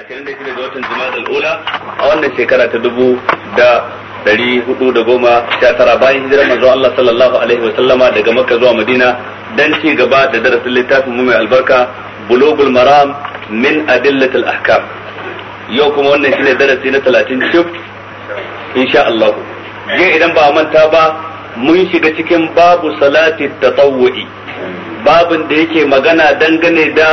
ashirin da shida ga watan jima'a ula a wannan shekara ta dubu da dari hudu da goma sha tara bayan hijirar manzon Allah sallallahu alaihi wa sallama daga makka zuwa madina dan ci gaba da darasin littafin mu mai albarka bulogul maram min adillatil ahkam yau kuma wannan shine darasi na talatin cif insha Allah idan ba manta ba mun shiga cikin babu salati tatawwu'i babin da yake magana dangane da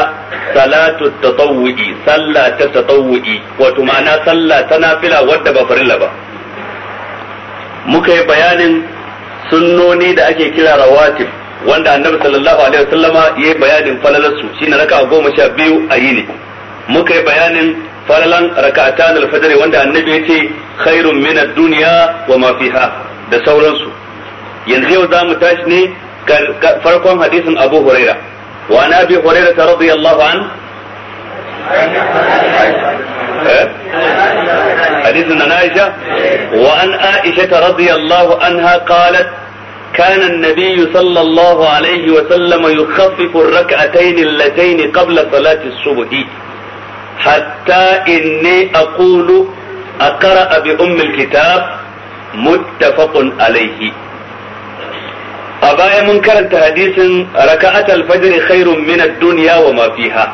salatu tatawwu'i sallah ta tatawwu'i wato ma'ana sallah ta nafila wadda ba farilla ba muka yi bayanin sunnoni da ake kira rawatib wanda annabi sallallahu alaihi wasallama ya yi bayanin falalarsu shine raka goma sha biyu a yini muka yi bayanin falalan raka'atan alfajr wanda annabi ya ce khairun min ad wa ma fiha da sauransu yanzu yau za mu tashi ne فرقهم حديث أبو هريرة وأنا أبي هريرة رضي الله عنه إيه؟ حديثنا عن عائشة وعن عائشة رضي الله عنها قالت كان النبي صلى الله عليه وسلم يخفف الركعتين اللتين قبل صلاة الصبح حتى إني أقول أقرأ بأم الكتاب متفق عليه a baya mun karanta hadisin raka'at al-fajr khairun min ad-dunya wa ma fiha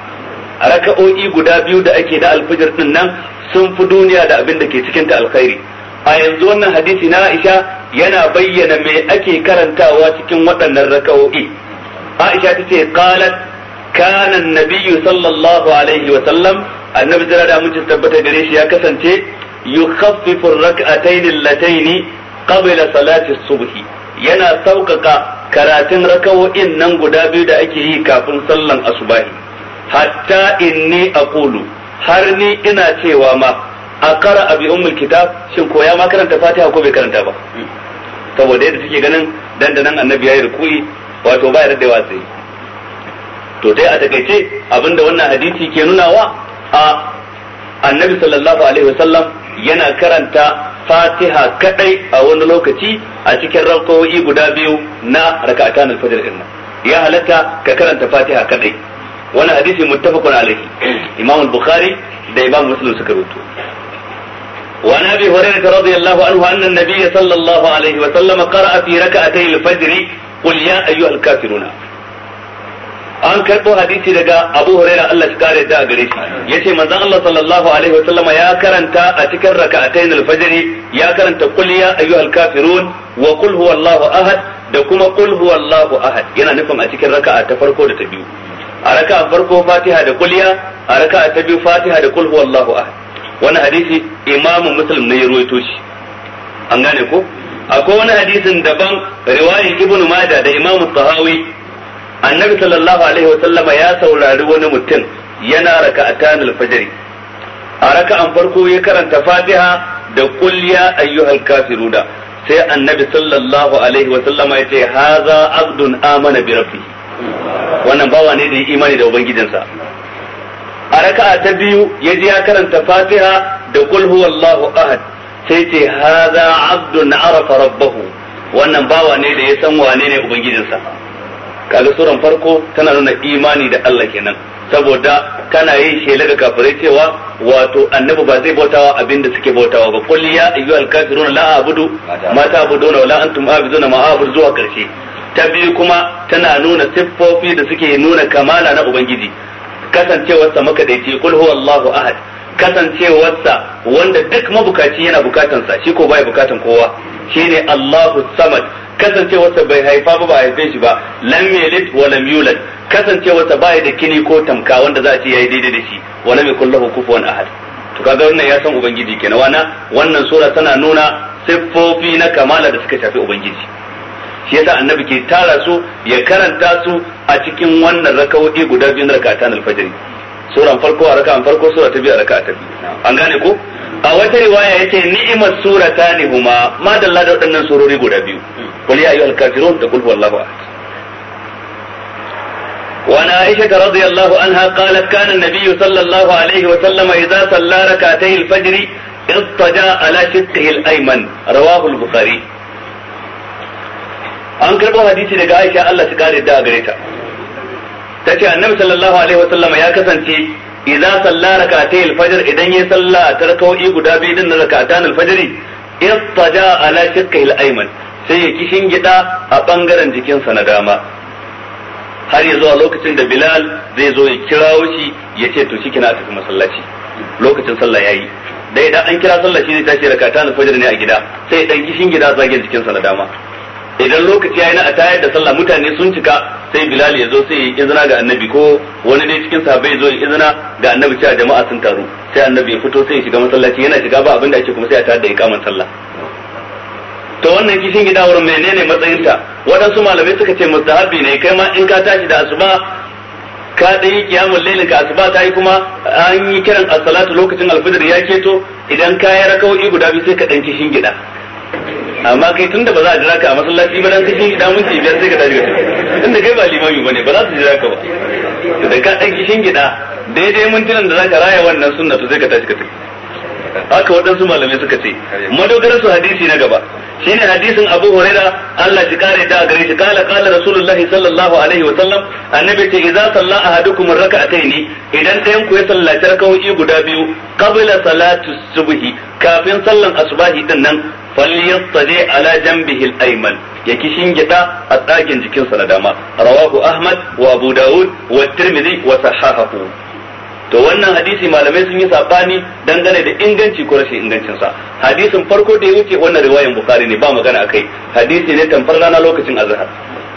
raka'o'i guda biyu da ake da al-fajr din nan sun fi duniya da abin da ke cikin ta alkhairi a yanzu wannan hadisi na Aisha yana bayyana me ake karantawa cikin waɗannan raka'o'i Aisha tace qalat kana an-nabiyyu sallallahu alaihi wa sallam annabi jira da mun tabbata gare shi ya kasance yukhaffifu ar-rak'atayn allatayn qabla salati as-subhi yana sauƙaƙa karatun raka'o'in nan guda biyu da ake yi kafin sallan asubahi hatta inni aqulu har ni ina cewa ma a kara abi ummul kitab shin ko ya ma karanta fatiha ko bai karanta ba saboda yadda take ganin dandanan annabi ya yi rukui wato ba ya da sai to dai a takaice abinda wannan hadisi ke nunawa a annabi sallallahu alaihi wasallam yana karanta fatiha kadai a wani lokaci a cikin rak'o'i guda biyu na raka'atan al-fajr din ya halatta ka karanta fatiha kadai wani hadisi muttafaqun alaihi imam al-bukhari da imam muslim suka rubuto وعن ابي هريره رضي الله عنه ان النبي صلى الله عليه وسلم قرأ في ركعتي الفجر قل يا ايها الكافرون an karɓo hadisi daga Abu Huraira Allah shi kare a gare shi Ya ce manzan Allah sallallahu alaihi wa sallama ya karanta a cikin raka'atayn al alfajiri ya karanta qul ya ayyuhal alkafirun wa qul huwallahu ahad da kuma qul huwallahu ahad yana nufin a cikin raka'a ta farko da ta biyu a raka'a farko Fatiha da qul ya a raka'a ta biyu Fatiha da qul huwallahu ahad Wani hadisi imamu Muslim ne ya ruwaito shi an gane ko akwai wani hadisin daban riwayar Ibn Majah da imamu Tahawi annabi sallallahu alaihi wasallama ya saurari wani mutum yana raka'atan al-fajr a raka'an farko ya karanta fatiha da qul ya ayyuhal kafiruna sai annabi sallallahu alaihi wasallama ya ce haza abdun amana bi rabbi wannan bawa ne da ya imani da ubangijinsa a raka'a ta biyu ya ji ya karanta fatiha da qul huwallahu ahad sai ce haza abdun arafa rabbahu wannan bawa ne da ya san wane ne ubangijinsa kaga suran farko tana nuna imani da Allah kenan saboda tana yin shela ga kafirai cewa wato annabi ba zai bautawa abin da suke bautawa ba qul ya ayyuhal kafirun la a'budu ma ta'buduna wa la antum a'buduna ma a'budu zuwa karshe ta biyu kuma tana nuna siffofi da suke nuna kamala na ubangiji kasancewarsa makadaici kul huwa Allahu ahad kasancewarsa wanda duk mabukaci yana bukatansa shi ko baya bukatan kowa shine Allahu samad Kasance wata bai haifa ba ba haife shi ba lam yalid wa lam yulad wata ba da kini ko tamka wanda za a ce yayi daidai da shi wa lam yakul lahu kufuwan ahad to kaga wannan ya san ubangiji kenan wana wannan sura tana nuna siffofi na kamala da suka shafi ubangiji shi yasa annabi ke tara su ya karanta su a cikin wannan raka'o'i guda biyu na na alfajiri suran farko a raka'an farko sura ta biyu a rakata ta biyu an gane ko a wata riwaya yace ni'imar suratani huma madalla da waɗannan surori guda biyu قل يا أيها الكافرون تقول هو الله أحد وعن عائشة رضي الله عنها قالت كان النبي صلى الله عليه وسلم إذا صلى ركعتي الفجر اضطجع على شقه الأيمن رواه البخاري an karɓo hadisi daga Aisha Allah su kare da gare ta tace annabi sallallahu alaihi wasallam ya kasance idza salla rak'atay al idan ya salla ta guda biyu din na rak'atan al ittaja ala shiqqi ayman sai ya kishin gida a bangaren jikinsa na dama har ya zuwa lokacin da Bilal zai zo ya kirawo shi ya ce to shi kina tafi masallaci lokacin sallah yayi da idan an kira sallah shi zai tashi ta na fajar ne a gida sai dan kishin gida zage jikinsa na dama idan lokaci yayi na atayar da sallah mutane sun cika sai Bilal ya zo sai ya izina ga annabi ko wani dai cikin sahabbai zo ya izina ga annabi cewa jama'a sun taru sai annabi ya fito sai ya shiga masallaci yana shiga ba abin da ake kuma sai ya tayar da iqaman sallah to wannan kishin gidawar menene matsayinta waɗansu malamai suka ce mustahabi ne kai ma in ka tashi da asuba ka dai yi kiyamul lailin ka asuba ta yi kuma an yi kiran as-salatu lokacin al-fajr ya keto idan ka yi rakawoyi guda biyu sai ka dan kishin gida amma kai tunda ba za a jira ka a masallaci ba dan kishin gida mun biyar sai ka tashi ka tunda kai ba limami bane ba za su jira ka ba da ka dan kishin gida daidai mintunan da zaka raya wannan sunna to sai ka tashi ka tafi haka waɗansu malamai suka ce madogarar hadisi na gaba shine hadisin Abu Huraira Allah shi kare da gare shi kala kala Rasulullahi sallallahu alaihi wa sallam annabi ce idza salla ahadukum raka'ataini idan ɗayan ku ya sallaci raka'o'i guda biyu qabla salatu subhi kafin sallan asubahi din nan falyattali ala janbihi bihil ayman ya kishin gida a tsagen jikinsa na dama rawahu Ahmad wa Abu Dawud wa Tirmidhi wa sahahahu to wannan hadisi malamai sun yi sabani dangane da inganci ko rashin ingancin sa hadisin farko da ya wuce wannan riwayan bukhari ne ba magana akai hadisi ne tamfar rana lokacin azhar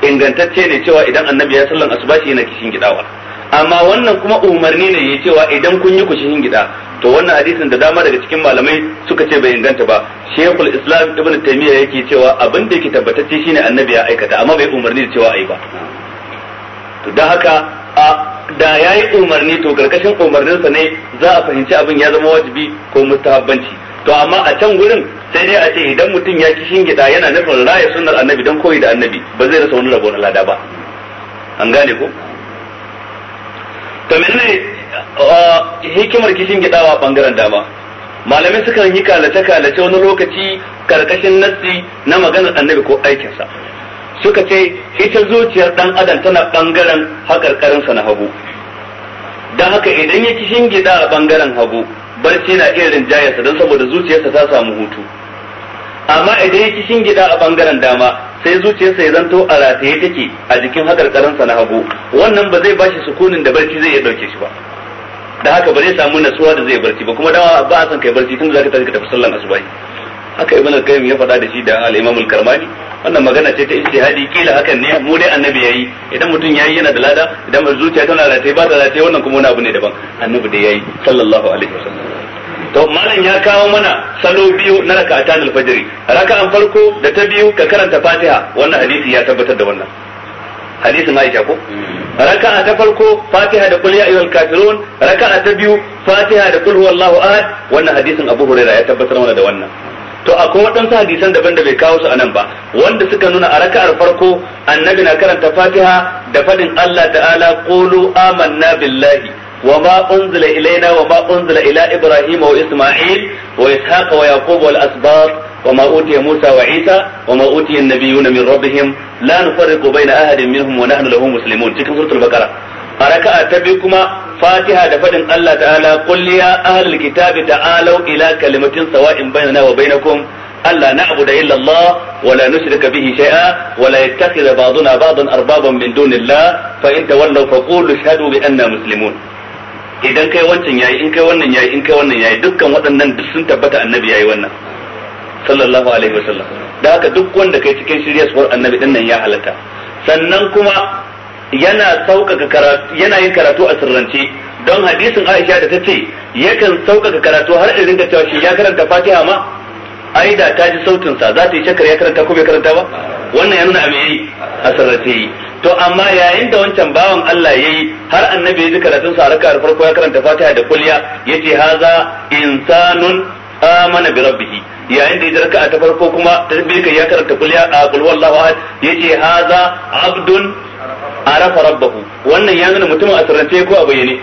ingantacce ne cewa idan annabi ya sallan asubashi yana kishin gidawa amma wannan kuma umarni ne ya cewa idan kun yi kushin gida to wannan hadisin da dama daga cikin malamai suka ce bai inganta ba shekul islam ibn taymiya yake cewa abin da yake tabbatacce shine annabi ya aikata amma bai umarni da cewa ai ba to dan haka a da ya yi umarni to karkashin umarninsa ne za a fahimci abin ya zama wajibi ko mustahabbanci to amma a can gurin sai dai a ce idan mutum ya ki gida, yana nufin raya sunnar annabi don koyi da annabi ba zai rasa wani rabo na lada ba an gane ko to menene hikimar kishin gidawa bangaren dama malamai sukan yi kalace kalace wani lokaci karkashin nassi na maganar annabi ko aikinsa suka ce ita zuciyar dan adam tana bangaren hakarkarinsa na hagu don haka idan ya shin gida a bangaren hagu barci na iya rinjayarsa don saboda zuciyarsa ta samu hutu amma idan ya shin gida a bangaren dama sai zuciyarsa ya zanto a rataye take a jikin hakarkarinsa na hagu wannan ba zai bashi sukunin da barci zai iya dauke shi ba da haka ba zai samu nasuwa da zai barci ba kuma dama ba a son kai barci tun da zaka tafi sallan asubahi haka ibn al-qayyim ya faɗa da shi da al-imam al-karmani wannan magana ce ta ijtihadi kila hakan ne mu dai annabi yayi idan mutum yayi yana da lada idan zuciya tana rataye ba ta rataye wannan kuma wani abu ne daban annabi da yayi sallallahu alaihi wasallam to malam ya kawo mana salo biyu na raka'atan al-fajr raka'an farko da ta biyu ka karanta fatiha wannan hadisi ya tabbatar da wannan hadisin Aisha ko hmm. raka'a ta farko Fatiha da kul ya ayyuhal kafirun raka'a ta biyu Fatiha da kul huwallahu ahad wannan hadisin Abu Hurairah ya tabbatar mana da wannan to akwai waɗansu hadisan daban da bai kawo su anan ba wanda suka nuna a raka'ar farko annabi na karanta fatiha da fadin Allah ta'ala qulu amanna billahi wa ma unzila ilaina wa ma unzila ila ibrahim wa isma'il wa ishaq wa yaqub wal asbab wa ma utiya musa wa isa wa ma utiya an-nabiyuna min rabbihim la nufarriqu baina ahadin minhum wa nahnu cikin suratul baqara a raka'a ta biyu kuma fatiha da faɗin Allah ta'ala qul ya ahlul kitabi ta'alu ila kalimatin sawa'in bainana wa bainakum allah نعبد إلا الله ولا نشرك به شيئا ولا يتخذ بعضنا بعضا أربابا من دون الله فإن تولوا فقولوا اشهدوا بأننا مسلمون idan kai wancan yayi in kai wannan yayi in kai wannan yayi dukkan waɗannan duk sun tabbata annabi yayi wannan sallallahu alaihi wasallam da haka duk wanda kai cikin suwar annabi din nan ya halatta sannan kuma yana sauƙaƙa karatu yana yin karatu a sirrance don hadisin Aisha da ta ce yakan sauƙaƙa karatu har irin da cewa shi ya karanta Fatiha ma ai ta ji sautin sa za ta yi shakar ya karanta ko bai karanta ba wannan ya nuna abin yi a sirrance to amma yayin da wancan bawan Allah yayi har annabi ya ji karatun sa raka farko ya karanta Fatiha da kulliya yace haza insanun amana bi rabbih yayin da ya a ta farko kuma tasbih ya karanta kulliya a qul wallahu ahad yace haza abdun arafa rabbahu wannan ya nuna mutumin a sirrance ko a bayyane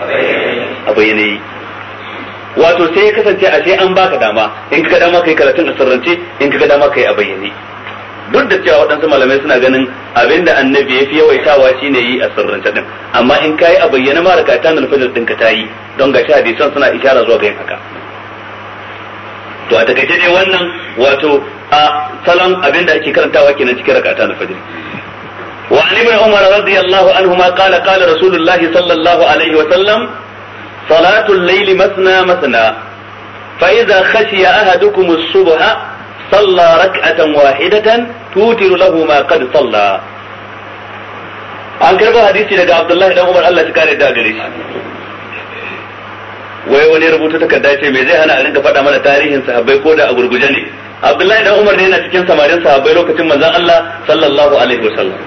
a bayyane wato sai ya kasance a sai an baka dama in ka dama kai karatun a sirrance in ka dama kai a bayyane duk da cewa waɗansu malamai suna ganin abinda annabi ya fi yawaitawa shine yi a sirrance din amma in kayi a bayyane ma ka ta nalfajar ɗinka ta yi don ga son suna ishara zuwa ga yin haka to a takaice ne wannan wato a salon abinda ake karantawa kenan cikin raka na nalfajar وعن ابن عمر رضي الله عنهما قال قال رسول الله صلى الله عليه وسلم صلاة الليل مثنى مثنى فإذا خشي أحدكم الصبح صلى ركعة واحدة توتر له ما قد صلى an karɓi hadisi daga abdullahi dan umar allah ta da gare shi wai wani rubuta takarda ce me zai hana a rinka faɗa mana tarihin sahabbai ko da a gurguje ne abdullahi dan umar ne yana cikin samarin sahabbai lokacin manzon allah sallallahu alaihi wasallam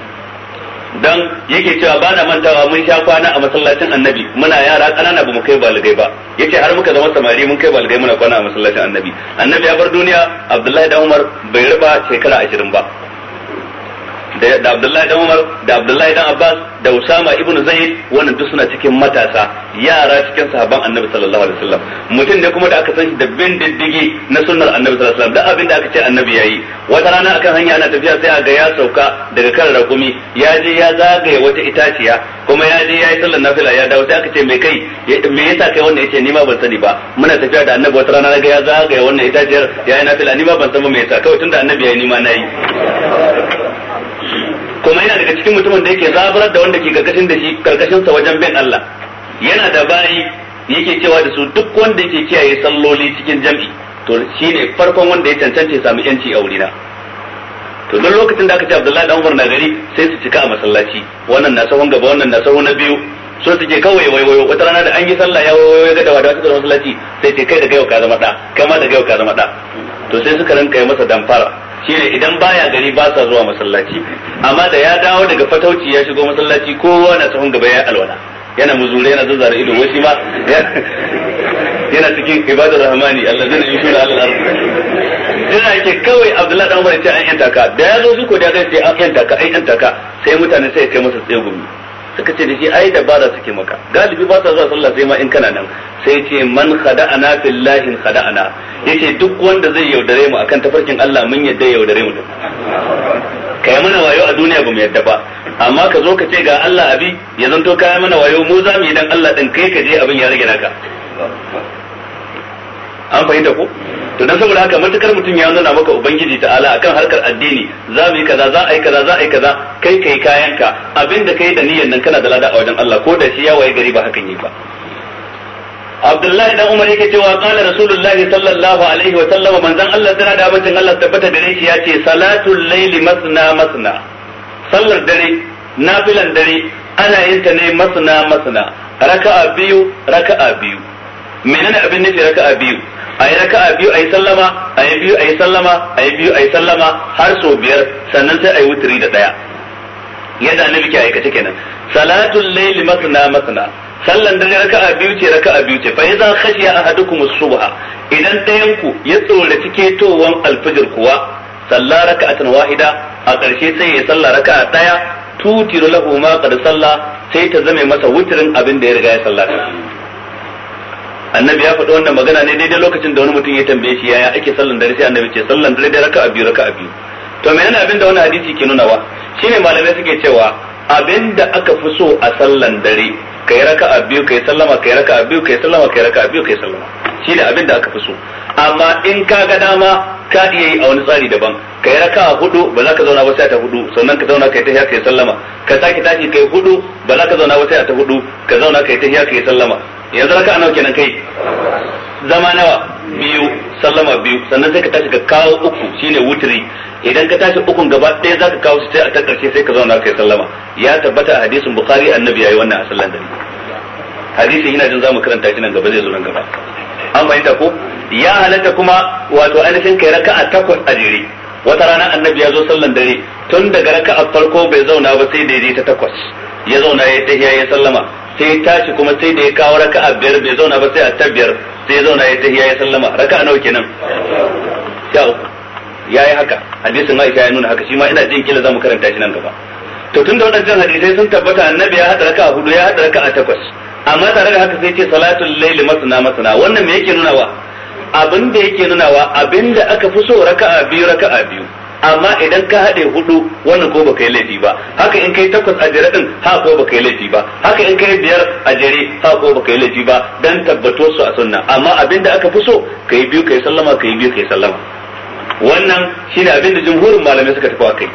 dan yake cewa ba na mantawa mun sha kwana a masallacin annabi muna yara ƙanana ba mu kai baligai ba yace har muka zama samari mun kai baligai muna kwana a masallacin annabi annabi ya bar duniya abdullahi da umar bai riba shekara 20 ba da abdullahi dan umar da abdullahi dan abbas da Usama ibn Zaid wannan duk suna cikin matasa yara cikin sahabban Annabi sallallahu alaihi wasallam mutum ne kuma da aka san shi da bin diddigi na sunnar Annabi sallallahu alaihi wasallam da abin da aka ce Annabi yayi wata rana akan hanya ana tafiya sai a ga ya sauka daga kan rakumi ya je ya zagaye wata itaciya kuma ya je ya yi sallar nafila ya dawo sai aka ce me kai me yasa kai wannan yace ni ma ban sani ba muna tafiya da Annabi wata rana na ga ya zagaye wannan itaciyar ya yi nafila ni ma ban san ba me yasa kawai tunda Annabi yayi ni ma nayi kuma yana daga cikin mutumin da yake zaburar da wanda ke karkashin da shi karkashin sa wajen bin Allah yana da bayi yake cewa da su duk wanda yake kiyaye salloli cikin jam'i to shine farkon wanda ya cancanta samu yanci a wurina to duk lokacin da aka ce Abdullahi dan Umar na gari sai su cika a masallaci wannan na sahun gaba wannan na sahun na biyu so ke kawai waiwayo wata rana da an yi sallah ya waiwayo ya ga dawa da wata masallaci sai ce kai da yau ka zama da kai ma da yau ka zama da to sai suka rinka yi masa damfara ne idan baya gari ba sa zuwa masallaci amma da ya dawo daga fatauci ya shigo masallaci kowa na sahun gaba ya alwala yana muzure yana zazzara ido wasi ma yana cikin ibadar rahmani yi yushuna Allah arziki ina yake kawai abdullahi dan bari ya ce an yanta ka da ya zo shi ko da zai ce an yanta ka an yanta ka sai mutane sai ya kai masa tsegumi suka ce da shi ai dabara suke maka galibi ba sa zuwa sallah sai ma in kana nan sai ce man khada'ana fillahi khada'ana yace duk wanda zai yaudare mu akan tafarkin Allah mun yadda yaudare mu kai mana wayo a duniya ba mu yadda ba amma ka zo ka ce ga Allah abi ya zanto kai mana wayo mu za mu yi dan Allah din kai ka je abin ya rage naka an fahimta ko to dan saboda haka matukar mutum ya nuna maka ubangiji ta'ala akan harkar addini za mu yi kaza za a yi kaza za a yi kaza kai kai kayanka abinda kai da niyyar nan kana da lada a wajen Allah ko da shi ya waye gari ba hakan yi ba Abdullahi dan Umar yake cewa qala Rasulullah sallallahu alaihi wa sallam manzon Allah tana da abincin Allah tabbata gare shi ya ce salatul layli masna masna sallar dare nafilan dare ana yin ta ne masna masna raka'a biyu raka'a biyu menene abin nufi raka'a biyu a yi raka'a biyu a yi sallama a biyu a sallama a biyu a sallama har sau biyar sannan sai a wuturi da ɗaya yadda annabi ke aikace kenan salatul laili masna masna sallan dare raka'a biyu ce raka'a biyu ce fa idan khashiya ahadukum as-subha idan dayanku ku ya tsoraci ketowan alfajir kuwa salla raka'atan wahida a ƙarshe sai ya salla raka'a ɗaya tutiru lahu ma qad salla sai ta zame masa wuturin abin da ya riga ya sallata annabi ya faɗi wannan magana ne daidai lokacin da wani mutum ya tambaye shi yaya ake sallan dare sai annabi ce sallan dare da a biyu raka a biyu to menene abin da wannan hadisi ke nuna wa shine malamai suke cewa abin da aka fi so a sallan dare kai raka a biyu kai sallama kai raka a biyu kai sallama kai raka a biyu kai sallama shine abin da aka fi so amma in ka ga dama ka iya yi a wani tsari daban kai raka a hudu ba za ka zauna ba sai ta hudu sannan ka zauna kai tahiya kai sallama ka sake tashi kai hudu ba za ka zauna ba sai ta hudu ka zauna kai tahiya kai sallama yanzu raka nawa kenan kai zama nawa biyu sallama biyu sannan sai ka tashi ka kawo uku shine wuturi. idan ka tashi ukun gaba ɗaya zaka kawo su sai a ta karshe sai ka zauna kai sallama ya tabbata a hadisin bukhari annabi yayi wannan a sallan dare hadisin ina jin zamu karanta shi nan gaba zai zo nan gaba an fahimta ko ya halatta kuma wato ainihin kai raka'a takwas a jere wata rana annabi ya zo sallan dare tun daga raka'a farko bai zauna ba sai daidai ta takwas ya zauna ya tahiya ya sallama sai ya tashi kuma sai da ya kawo raka'a biyar bai zauna ba sai a ta biyar sai ya zauna ya tahiya ya sallama raka'a nawa kenan ya uku ya yi haka hadisin Aisha ya nuna haka shi ma ina jin kila zamu karanta shi nan gaba to tun da waɗannan hadisai sun tabbata annabi ya hada raka'a hudu ya hada raka'a takwas amma tare da haka sai ce salatul laili masna masna wannan me yake nunawa abin da yake nunawa abin da aka fi so raka'a biyu raka'a biyu amma idan ka haɗe hudu wannan ko baka yi laifi ba haka in kai takwas a jere din ha ko baka yi laifi ba haka in kai biyar a jere ha ko baka yi laifi ba dan tabbato su a sunna amma abinda aka fi so kai biyu kai sallama kai biyu kai sallama wannan shine abinda jumhurin malamai suka tafi akai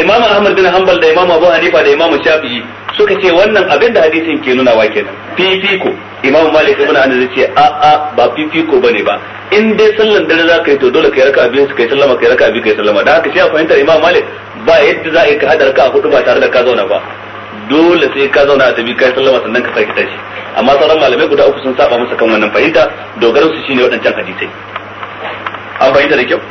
imam ahmad bin hanbal da imam abu hanifa da imam shafi'i suka ce wannan abin da hadisin ke nuna wa kenan fifiko imam malik ibn anas ya ce a a ba fifiko bane ba in dai sallan dare za ka yi to dole ka yi raka'a biyu kai sallama yi raka'a biyu yi sallama da haka sai a fahimtar imam malik ba yadda za a hadar ka hada raka'a hudu ba tare da ka zauna ba dole sai ka zauna a tabi yi sallama sannan ka sake tashi amma sauran malamai guda uku sun saba masa kan wannan fahimta dogaran su shine waɗancan hadisai an fahimta da kyau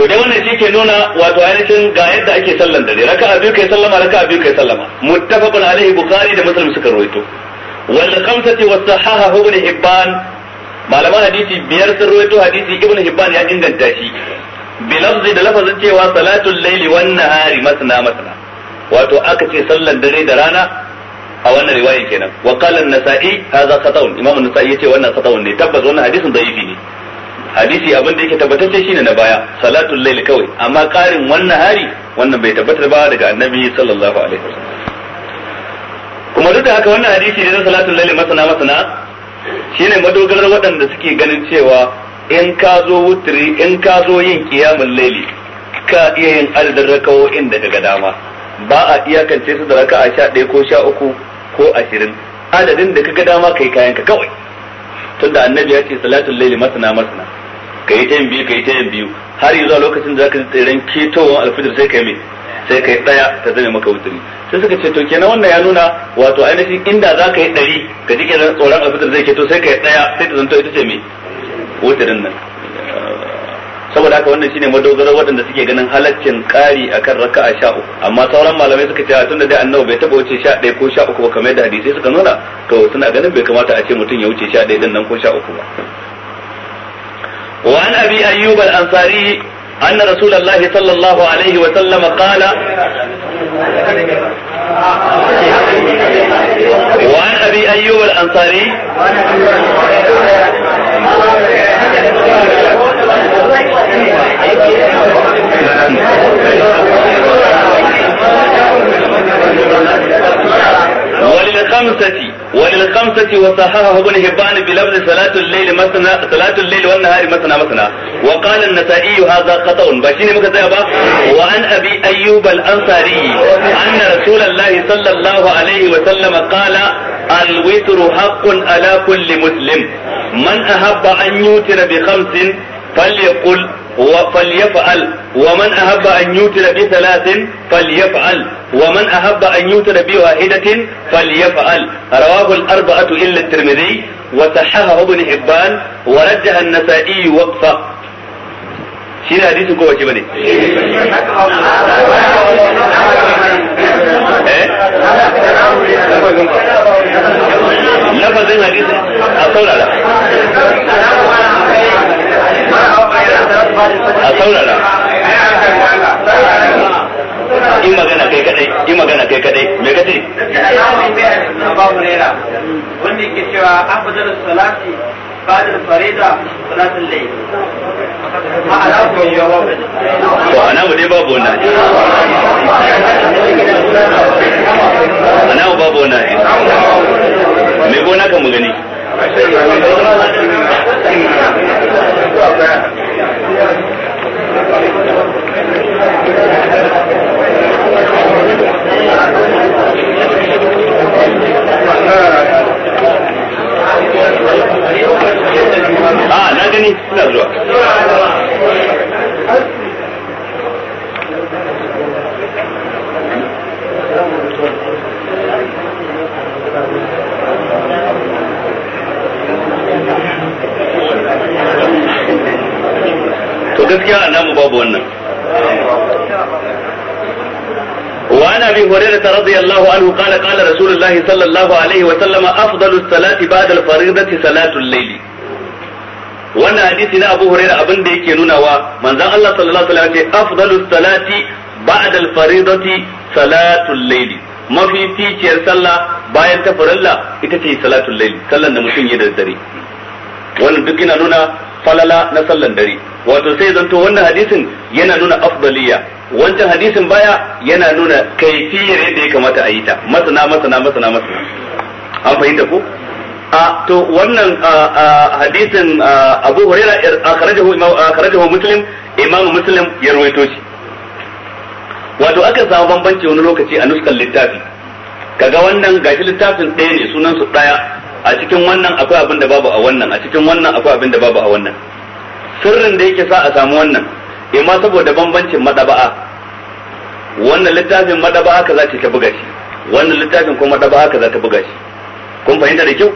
to dai wannan shi ke nuna wato ainihin ga yadda ake sallan dare raka a biyu kai sallama raka a biyu kai sallama muttafaqun alaihi bukhari da muslim suka rawaito wal khamsati was sahaha ibn hibban malaman hadisi biyar sun rawaito hadisi ibn hibban ya inganta shi bilafzi da lafazin cewa salatul laili wan nahari masna masna wato aka ce sallan dare da rana a wannan riwayar kenan wa qala an-nasa'i hadha khata'un imam an-nasa'i yace wannan khata'un ne tabbas wannan hadisin da'ifi ne hadisi abin da yake tabbatacce shine na baya salatul layl kawai amma karin wannan hari wannan bai tabbatar ba daga annabi sallallahu alaihi wasallam kuma duk da haka wannan hadisi da salatul layl masana masana shine madogarar waɗanda suke ganin cewa in ka zo wutri in ka zo yin qiyamul layl ka iya yin adadin rakawo'in daga ga dama ba a iyakance su da raka'a 11 ko 13 ko 20 adadin da kaga dama kai kayan ka kawai tunda annabi ya ce salatul layl masana masana ka yi ta yin biyu ka yi ta yin biyu har yi zuwa lokacin da zaka ji tseren ketowar alfijir sai kai yi sai kai daya ta zame maka wuturi sai suka ce to kenan wannan ya nuna wato ainihin inda za ka yi ɗari ka ji kenan tsoron alfijir zai keto sai kai daya sai ta zanto ita ce mai wuturin nan saboda haka wannan shine madogarar waɗanda suke ganin halaccin ƙari akan raka'a sha uku amma sauran malamai suka ce tunda dai annabi bai taɓa wuce sha ɗaya ko sha uku ba kamar yadda hadisi suka nuna to suna ganin bai kamata a ce mutum ya wuce sha ɗaya din nan ko sha uku ba وعن أبي أيوب الأنصاري أن رسول الله صلى الله عليه وسلم قال وعن أبي أيوب الأنصاري وللخمسة وللخمسة وصححه ابن هبان بلفظ صلاة الليل مثنى صلاة الليل والنهار مثنى مثنى وقال النسائي هذا خطأ بشين مكتئ با وعن أبي أيوب الأنصاري أن رسول الله صلى الله عليه وسلم قال الوتر حق على كل مسلم من أحب أن يوتر بخمس فليقل فليفعل ومن أحب أن يوتر بثلاث فليفعل ومن أحب أن يوتر بواحدة فليفعل رواه الأربعة إلا الترمذي وصححه ابن حبان ورجح النسائي وقفه shi ne hadisin شبني؟ لفظ bane أصول على أصول على in magana kai kadai in magana kai kadai me kace babu rera wanda yake cewa afdalus salati بعد الفريضة صلاة الليل وأنا ودي بابونا أنا وبابونا me gona kan mu gani a ah, na gani suna to gaskiya a namu babu wannan أبي هريرة رضي الله عنه قال قال رسول الله صلى الله عليه وسلم بعد الليل wannan hadisi na Abu Hurairah abin da yake nunawa manzon Allah sallallahu alaihi wasallam ce afdalu salati ba'da al-faridati salatul layli mafi ficiyar sallah bayan ta ita ce salatul layli sallan da mutum ya da wannan duk yana nuna falala na sallan dare wato sai zanto wannan hadisin yana nuna afdaliya wancan hadisin baya yana nuna kaifiyar yadda ya kamata a yi ta masana masana masana masana an fahimta ko a to wannan hadisin Abu huraira akhrajahu imam akhrajahu Muslim imam Muslim ya ruwaito shi wato aka samu bambanci wani lokaci a nuskan littafi kaga wannan gashi littafin ɗaya ne sunan su ɗaya a cikin wannan akwai abin da babu a wannan a cikin wannan akwai abin da babu a wannan sirrin da yake sa a samu wannan imma saboda bambancin madaba'a wannan littafin madaba'a kaza ce ta buga shi wannan littafin kuma madaba'a kaza ta buga shi kun fahimta da kyau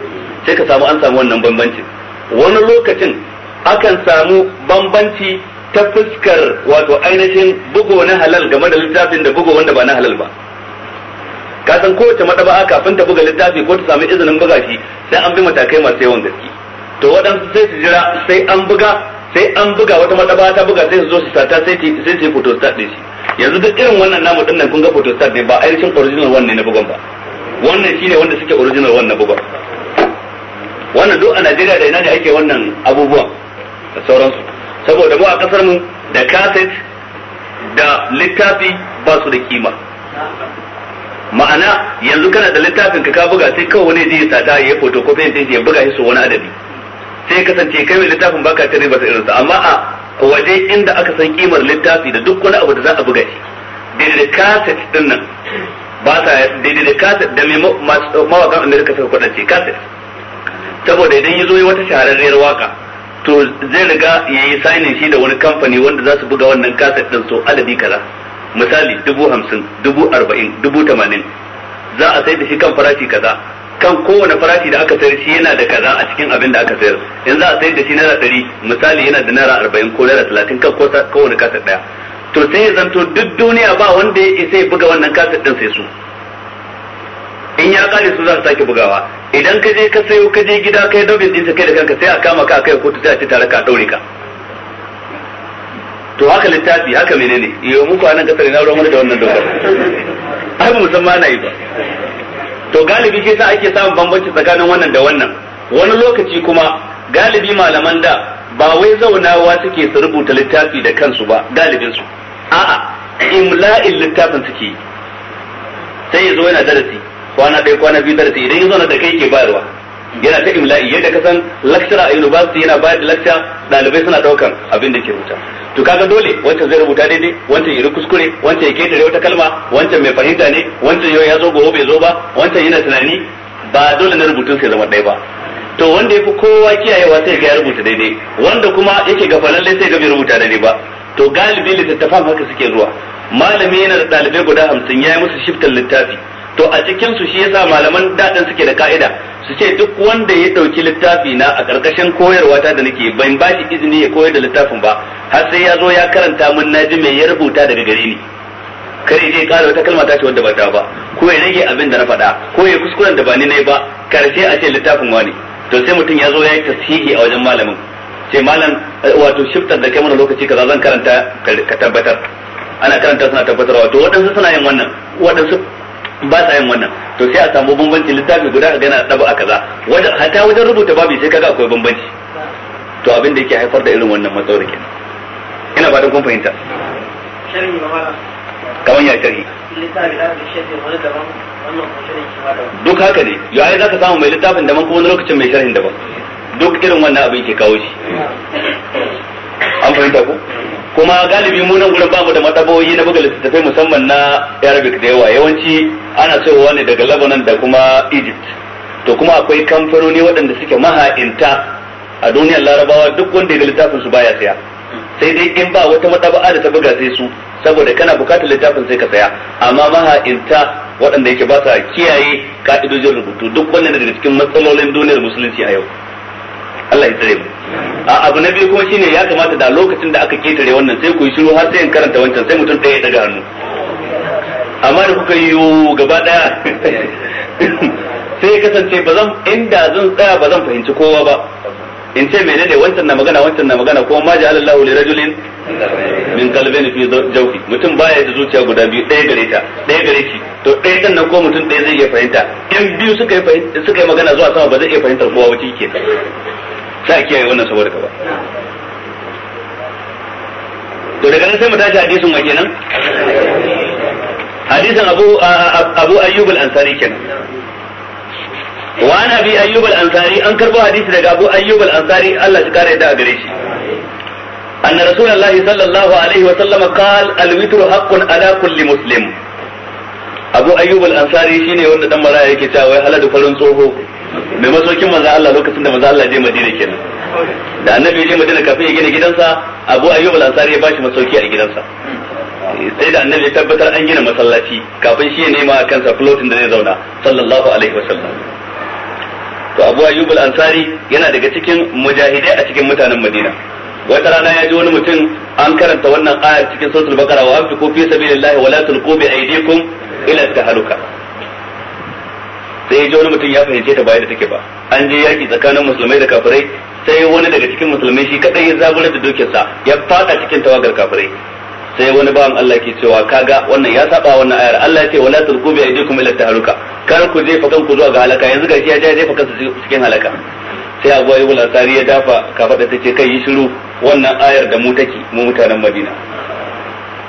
sai ka samu an samu wannan bambancin wani lokacin akan samu bambanci ta fuskar wato ainihin bugo na halal game da littafin da bugo wanda ba na halal ba ka san kowace madaba'a kafin ta buga littafi ko ta sami izinin buga shi sai an bi matakai masu yawan gaske to waɗansu sai su jira sai an buga sai an buga wata madaba ta buga sai su zo su sata sai sai su photo start din shi yanzu duk irin wannan namu din nan kun ga photo start ne ba ainihin original ne na bugan ba wannan shine wanda suke original wannan bugan wannan duk a Najeriya da ina ne ake wannan abubuwan da sauransu saboda mu a kasar mu da cassette da littafi ba su da kima ma'ana yanzu kana da littafin ka ka buga sai kawai wani ya je ya sata ya photocopy din ya buga shi su wani adadi sai kasance kai mai littafin baka cin ribar irinsa amma a waje inda aka san kimar littafi da duk wani abu da za a buga shi daidai da kaset din nan ba sa daidai da kaset da mai mawakan amerika suka kaset saboda idan ya yi wata shahararriyar waka to zai riga ya yi sainin shi da wani kamfani wanda za su buga wannan kaset din so adadi kaza misali dubu hamsin dubu dubu tamanin za a sai da shi kan farashi kaza kan kowane farashi da aka sayar shi yana da kaza a cikin abin da aka sayar yanzu za a sayar da shi naira ɗari misali yana da naira arba'in ko naira talatin kan kowane kasa ɗaya to sai ya zanto duk duniya ba wanda ya isa ya buga wannan kasa ɗin sai su in ya kare su za su sake bugawa idan ka je ka sayo ka je gida kai dobin dinsa kai da kanka sai a kama ka kai kotu sai a ci tare ka ɗaure ka to haka littafi haka menene yau muku anan kasar na ruwan da wannan dokar ai ba musamman na yi ba to galibi shi sa ake samun bambanci tsakanin wannan da wannan wani lokaci kuma galibi malaman da ba wai zaunawa suke su rubuta littafi da kansu ba galibin su a'a imla'in littafin suke sai ya zo yana darasi kwana ɗaya kwana biyu darasi idan ya zauna da kai ke bayarwa yana ta imla'i yadda ka san lecturer a university yana bayar da lecture dalibai suna daukan abin da ke rubuta to kaga dole wancan zai rubuta daidai wancan ya kuskure wancan ya da wata kalma wancan mai fahimta ne wancan yau ya zo gobe bai zo ba wancan yana tunani ba dole na rubutun sai zama ɗaya ba to wanda yafi kowa kiyayewa sai ga ya rubuta daidai wanda kuma yake ga falalle sai ga bai rubuta daidai ba to galibi littattafan haka suke zuwa malami yana da ɗalibai guda hamsin ya yi musu shiftar littafi to a cikin su shi yasa malaman dadin suke da ka'ida su ce duk wanda ya dauki littafi na a karkashin koyarwa ta da nake ban ba shi izini ya koyar da littafin ba har sai ya zo ya karanta mun naji mai ya rubuta daga gare ni kar ya je kara wata kalma ta ce wanda ba ta ba ko ya rage abin da na faɗa ko ya kuskuren da ba ni ne ba karshe a ce littafin wani to sai mutum ya zo ya yi tasihi a wajen malamin ce malam wato shiftar da kai mana lokaci kaza zan karanta ka tabbatar ana karanta suna tabbatarwa to waɗansu suna yin wannan waɗansu ba sa yin wannan to sai a samu bambanci littafi guda a gana ɗaba a kaza wajen hata wajen rubuta babi sai kaga akwai bambanci to abin da yake haifar da irin wannan matsalar kenan ina ba da kun fahimta sharhi ba mala kamar ya sharhi littafi da sharhi wani daban wannan kuma sharhi shi daban duk haka ne za zaka samu mai littafin daban kuma wani lokacin mai sharhin daban duk irin wannan abin ke kawo shi an fahimta ko kuma galibi mu nan gurin babu da madaboyi na buga littattafai musamman na Arabic da yawa yawanci ana cewa ne daga Lebanon da kuma Egypt to kuma akwai kamfanoni waɗanda suke maha'inta a duniyar Larabawa duk wanda ya littafin su baya saya sai dai in ba wata madaba'a da ta buga sai su saboda kana bukatar littafin sai ka saya amma maha'inta waɗanda yake ba sa kiyaye ka'idojin rubutu duk wannan daga cikin matsalolin duniyar musulunci a yau Allah ya tsare mu a abu na biyu kuma shine ya kamata da lokacin da aka ketare wannan sai ku yi shiru har sai in karanta wancan sai mutum ɗaya ya daga hannu amma da kuka yi gaba ɗaya sai ya kasance ba zan inda zan tsaya ba zan fahimci kowa ba in ce ne wancan na magana wancan na magana kuma ma ja'ala Allahu li rajulin min qalbayn fi jawfi mutum baya da zuciya guda biyu ɗaya gare ta ɗaya gare shi to ɗaya din nan ko mutum ɗaya zai iya fahimta in biyu suka yi suka yi magana zuwa sama ba zai iya fahimtar kowa ba ciki kenan sai a kiyaye wannan saboda ba. to daga nan sai mu tashi hadisin wa kenan hadisin abu abu ayyub al-ansari kenan wa an abi ayyub al-ansari an karbo hadisi daga abu ayyub al-ansari Allah ya kare da gare shi أن رسول الله صلى الله عليه وسلم قال الوتر حق على كل مسلم أبو أيوب الأنصاري شيني وأن دم لا يكتا ويهلا farin tsoho. mai masaukin maza Allah lokacin da maza Allah je Madina kenan da annabi je Madina kafin ya gina gidansa Abu Ayyub al-Ansari ya bashi masauki a gidansa eh, sai da annabi tabbatar an gina masallaci kafin shi ya nema a kansa floating da zai zauna sallallahu alaihi wasallam to Abu Ayyub al-Ansari yana daga cikin mujahidai a cikin mutanen Madina wata rana ya ji wani mutum an karanta wannan ayar cikin suratul baqara wa abdu fi sabilillahi wa la tulqu bi aydikum ila tahaluka sai ya ji wani mutum ya fahimce ta baya da take ba an je yaki tsakanin musulmai da kafirai sai wani daga cikin musulmai shi kadai ya zagura da dokinsa ya fada cikin tawagar kafirai sai wani bawan Allah ke cewa kaga wannan ya saba wannan ayar Allah ya ce wala tulqu bi aydikum ila tahluka kar ku fakan ku zuwa ga halaka yanzu gashi ya fakan su cikin halaka sai Abu Ayyub al ya dafa kafada tace kai yi shiru wannan ayar da mu take mu mutanen Madina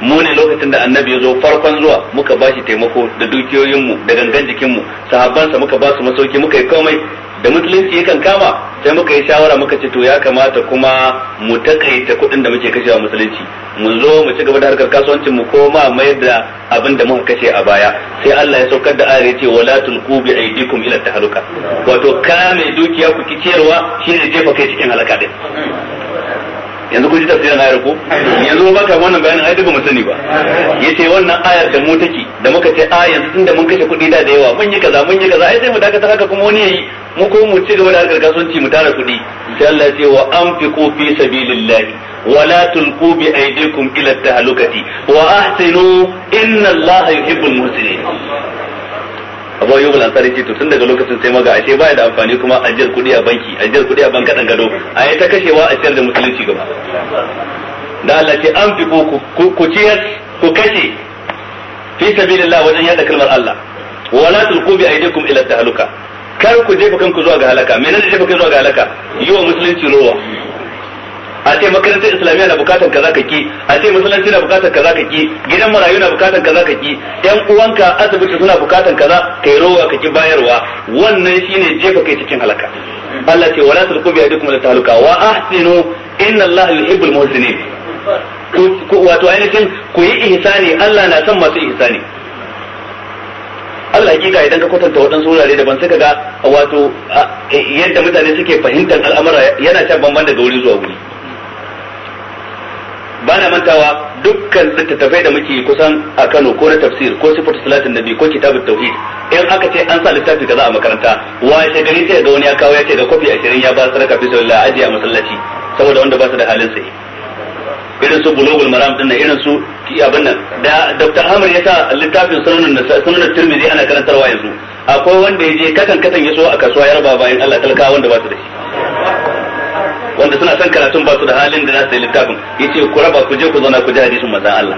mu ne lokacin da annabi ya zo farkon zuwa muka ba shi taimako da dukiyoyinmu da gangan jikinmu sahabbansa muka ba su masauki muka yi komai da musulunci yakan kama sai muka yi shawara muka ce to ya kamata kuma mu takaita kuɗin da muke kashewa musulunci mu zo mu ci gaba da harkar kasuwancin mu ko ma mai da abin da muka kashe a baya sai Allah ya saukar da ayar yace wala tulqu bi aydikum ila tahluka wato kame dukiya ku kiciyarwa shine jefa kai cikin halaka din yanzu kun ji tafsirin ayar ko yanzu ba ka wannan bayanin ai duka mu sani ba yace wannan ayar da mu take da muka ce a yanzu tunda mun kashe kuɗi da yawa mun yi kaza mun yi kaza ai sai mu dakatar haka kuma wani yayi mu ko mu ci gaba da harkar kasuwanci mu tara kuɗi insha Allah ya wa anfiqu fi sabilillahi bi تلقوا بأيديكم إلى wa wa inna الله yuhibbul muhsinin abuwa yau bulan ce to tun daga lokacin sai maga ashe baya da amfani kuma ajiyar kuɗi a banki ajiyar kuɗi a banka dan gado a yi ta kashewa a ciyar da musulunci gaba da Allah ce an fi ku ciyar ku kashe fi sabilillah wajen yada kalmar Allah wala tulqu bi aydikum ila tahluka kar ku jefa kanku zuwa ga halaka menene jefa kanku zuwa ga halaka yi wa musulunci rowa a ce makarantar islamiyya na bukatar kaza ka ki a ce masallaci na bukatar kaza ka ki gidan marayu na bukatar kaza ka ki yan uwanka asibiti suna bukatar kaza kai rowa ka ki bayarwa wannan shine jefa kai cikin halaka Allah ce wala tulqu bi yadikum la taluka wa ahsinu inna Allah yuhibbul muhsinin wato ainihin ku yi ihsani Allah na son masu ihsani Allah hakika idan ka kwatanta waɗansu wurare daban sai ga wato yadda mutane suke fahimtar al'amura yana shan bamban daga wuri zuwa wuri ba na mantawa dukkan littattafai da muke kusan a Kano ko na tafsir ko sifatu salatin nabi ko kitabut tauhid in aka ce an sa littafi kaza a makaranta wa sai shagari sai ga wani ya kawo ya ce da kofi 20 ya ba sadaka fi sallah aji a masallaci saboda wanda ba su da halin sai irin su bulogul maram din nan irin su abin nan da Dr. Hamar ya sa littafin sunan sunan Tirmidhi ana karantarwa yanzu akwai wanda ya je katan katan ya so a kasuwa ya raba bayan Allah talaka wanda ba su da shi wanda suna son karatun ba su da halin da za su yi littafin ce ku raba ku je ku zauna ku ji hadisin manzon Allah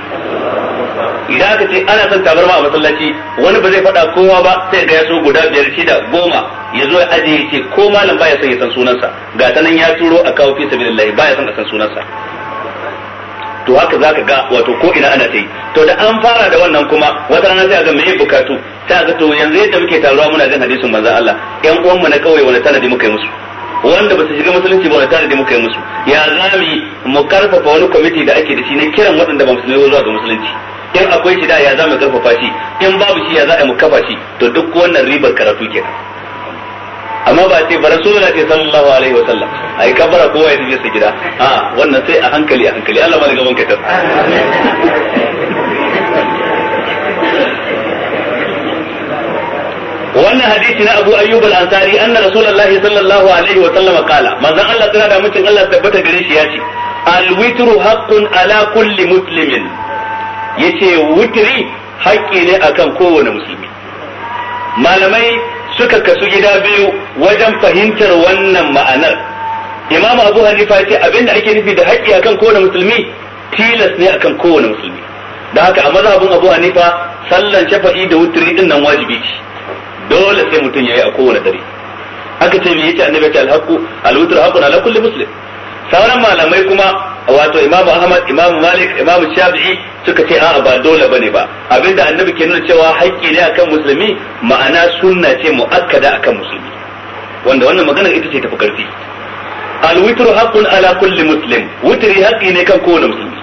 idan aka ce ana son tabarma a masallaci wani ba zai faɗa kowa ba sai ga yaso guda biyar shida goma ya zo ya aje ya ce ko malam baya son ya san sunansa ga ta nan ya turo a kawo fi sabilillahi baya son a san sunansa to haka zaka ga wato ko ina ana ta yi to da an fara da wannan kuma wata rana sai a ga yin bukatu ta ga to yanzu yadda muke taruwa muna jin hadisin manzo Allah ƴan uwan mu na kauye wani tanadi muka yi musu wanda ba su shiga musulunci ba tare da muka yi musu ya zami mu karfafa wani kwamiti da ake da shi na kiran waɗanda ba musulmi zuwa ga musulunci in akwai shi da ya za karfafa shi in babu shi ya za a mu kafa shi to duk wannan ribar karatu ke amma ba ce ba rasulullah ce sallallahu alaihi wa sallam ai kabara kowa ya tafi su gida a wannan sai a hankali a hankali Allah ma daga wanka wannan hadisi na Abu Ayyub al-Ansari anna Rasulullahi sallallahu alaihi wa sallam kala manzon Allah tana da mutun Allah tabbata gare shi yace al-witru haqqun ala kulli muslimin yace witri haƙƙi ne akan kowane musulmi malamai suka kasu gida biyu wajen fahimtar wannan ma'anar imamu Abu Hanifa yace abinda ake nufi da haƙƙi akan kowane musulmi tilas ne akan kowane musulmi da haka a mazhabin Abu Hanifa sallan shafa'i da wuturi din nan wajibi ce dole sai mutum yayi a kowane dare aka ce me yace annabi ya ce alhaqu alwitr haqqun ala kulli muslim sauran malamai kuma wato imamu ahmad imamu malik imamu shafi'i suka ce a'a ba dole bane ba abinda annabi ke nuna cewa haƙƙi ne akan musulmi ma'ana sunna ce mu'akkada akan musulmi wanda wannan maganar ita ce tafi karfi alwitru haqqun ala kulli muslim wutri haƙƙi ne kan kowane musulmi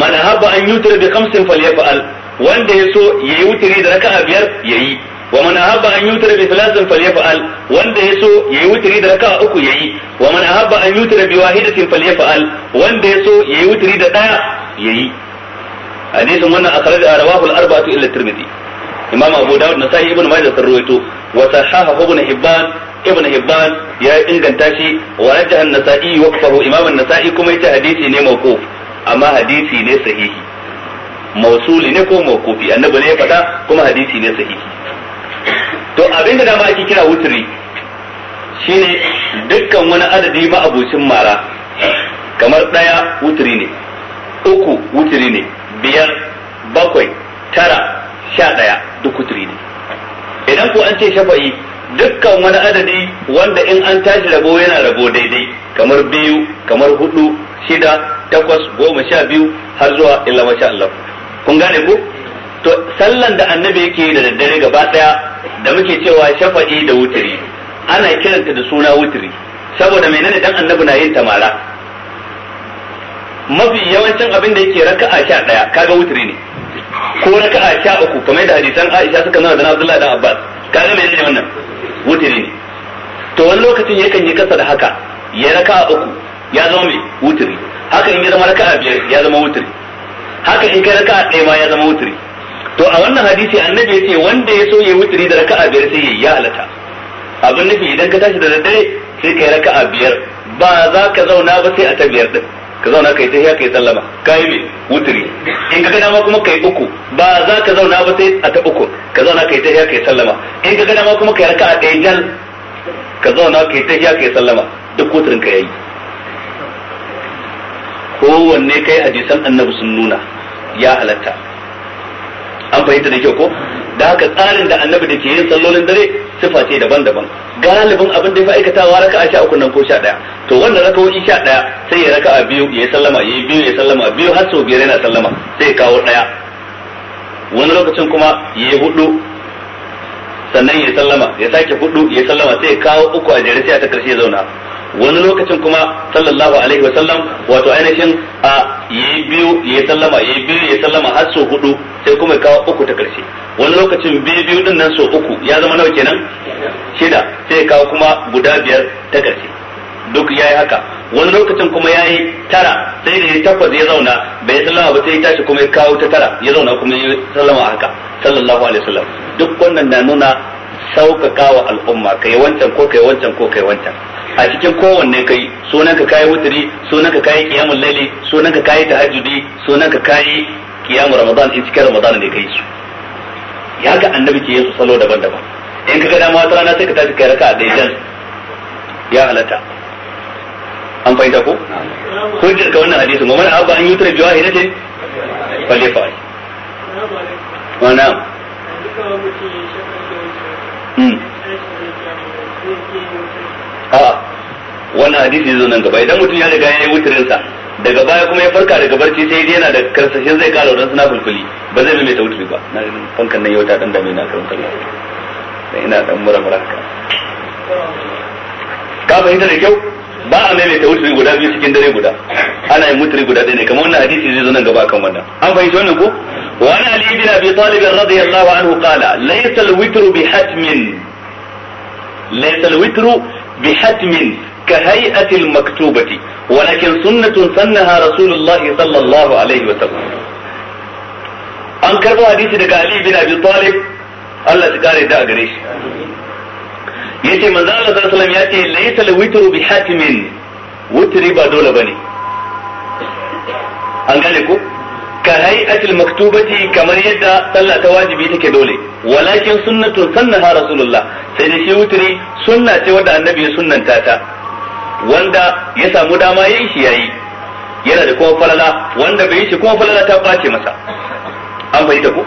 man haba an yutra bi khamsin falyaf'al wanda yaso yayi wutri da raka'a biyar yayi wa man ahabba an yutra bi thalathin falyaf'al wanda yaso yayi wutri da raka'a uku yayi wa man ahabba an yutra bi wahidatin falyaf'al wanda yaso yayi wutri da daya yayi hadisin wannan akhraj rawahu al-arba'atu illa tirmidhi imam abu daud nasai ibn majah sun ruwaito wa sahahahu ibn hibban ibn hibban ya inganta shi wa rajah an-nasa'i waqfahu imam an-nasa'i kuma yace hadisi ne mawquf amma ne sahihi mausuli ne ko annabi ne ya faɗa kuma hadisi ne sahihi to abin da dama ake kira wuturi shine dukkan wani adadi ma'abucin mara kamar ɗaya wuturi ne uku wuturi ne biyar bakwai tara sha ɗaya duk wuturi ne idan ko an ce shafa'i dukkan wani adadi wanda in an tashi rabo yana rabo daidai kamar biyu kamar hudu shida takwas goma sha biyu har zuwa illa masha Allah kun gane ku? to sallan da annabi yake da daddare gaba daya da muke cewa shafa'i da wutiri ana kiranta da suna wutiri saboda menene dan annabi na yin tamara mafi yawancin abin da yake raka'a sha daya kaga wutiri ne ko raka'a sha uku kamar da hadisan Aisha suka nuna da Abdullahi da Abbas kaga menene wannan wutiri ne to wani lokacin yakan yi kasa da haka ya raka'a uku ya zama mai wutiri haka in ya zama raka'a biyar ya zama wutiri haka in kai raka'a ɗaya ma ya zama wutiri to a wannan hadisi annabi ya ce wanda ya so ya wuturi da raka'a biyar sai ya ya halata abin nufi idan ka tashi da daddare sai ka yi raka'a biyar ba za ka zauna ba sai a ta biyar din ka zauna kai ta kai sallama kai me wuturi in ka gada ma kuma kai uku ba za ka zauna ba sai a ta uku ka zauna kai ta kai sallama in ka gada ma kuma kai raka'a ɗaya jal ka zauna kai ta kai sallama duk wuturin ka yayi kowanne kai hadisan annabi sun nuna ya halatta an fahimta da kyau ko da haka tsarin da annabi da ke yin sallolin dare sifa ce daban-daban galibin abin da ya fi aikatawa raka a sha uku nan ko sha ɗaya to wannan raka'o'i sha ɗaya sai ya raka a biyu ya sallama ya yi biyu ya sallama biyu har sau biyar yana sallama sai ya kawo ɗaya wani lokacin kuma ya yi hudu sannan ya sallama ya sake hudu ya sallama sai ya kawo uku a jere sai a ta karshe zauna wani lokacin kuma sallallahu alaihi wa sallam wato ainihin a yayi biyu ya sallama yayi biyu ya sallama har so hudu sai kuma kawo uku ta karshe wani lokacin biyu biyu din nan so uku ya zama nawa kenan shida sai kawo kuma guda biyar ta karshe duk yayi haka wani lokacin kuma yayi tara sai da ya takwas ya zauna bai sallama ba sai ya tashi kuma ya kawo ta tara ya zauna kuma ya sallama haka sallallahu alaihi wasallam duk wannan na nuna sauƙaƙa wa al'umma ka yi wancan ko ka yi wancan ko ka yi wancan a cikin kowanne kai sunan ka kayi wuturi sunan ka kayi kiyamun laili sunan ka kai tahajjudi sunan ka kayi kiyamun ramadan in cikin ramadan ne kai su ya ga annabi ke yin salo daban-daban in ka gada dama rana sai ka tashi kai a da jan ya halatta an fahimta ko hujjar ka wannan hadisin wa man abba an a biwa hidatin falefa wa na'am Hmm. a wannan hadisi zo nan gaba idan mutum ya riga ya yi wutirinsa daga baya kuma ya farka daga barci sai dai yana da karsashin zai kara wadansu na fulfuli ba zai mai ta wuturi ba na ganin fankan nan yau ta dan dame na karin kallon ina dan mura mura ka fahimta da kyau ba a maimaita wuturi guda biyu cikin dare guda ana yin wuturi guda ɗaya ne kamar wannan hadisi zai zo nan gaba kan wannan an fahimci wannan ko wa ana ali ibn abi talib radiyallahu anhu qala laysa al-witru bi hatmin laysa al-witru bi hatmin ka hay'ati al-maktubati walakin sunnatun sannaha rasulullah sallallahu alaihi wa sallam an karbo hadisi daga ali ibn abi talib Allah ya kare da gare shi yace manzo Allah sallallahu alaihi wasallam yace laysa al-witru bi hatimin witri ba dole bane an gane ko ka hay'atul maktubati kamar yadda sallah ta wajibi take dole walakin sunnatun sannaha rasulullah sai da shi witri sunna ce wanda annabi ya sunnanta ta wanda ya samu dama yayin shi yayi yana da kuma falala wanda bai yi shi kuma falala ta bace masa an bai ta ko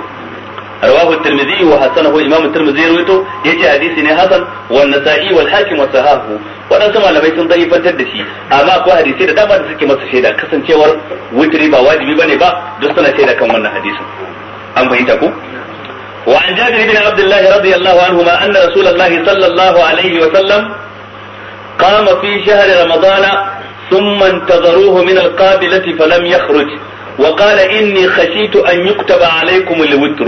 رواه الترمذي وحسنه امام الترمذي رويته yace hadisi ne hasan wa nasa'i wal hakim wa sahahu malamai sun daifantar da shi amma akwai hadisi da dama da suke masa shaida kasancewar witri ba wajibi bane ba duk suna shaida kan wannan hadisin an bayyana ku wa an jabir ibn abdullah radiyallahu anhuma anna rasulullah sallallahu alaihi wa sallam qama fi shahr ramadan ثم انتظروه من القابلة فلم يخرج وقال إني خشيت أن يكتب عليكم الوتر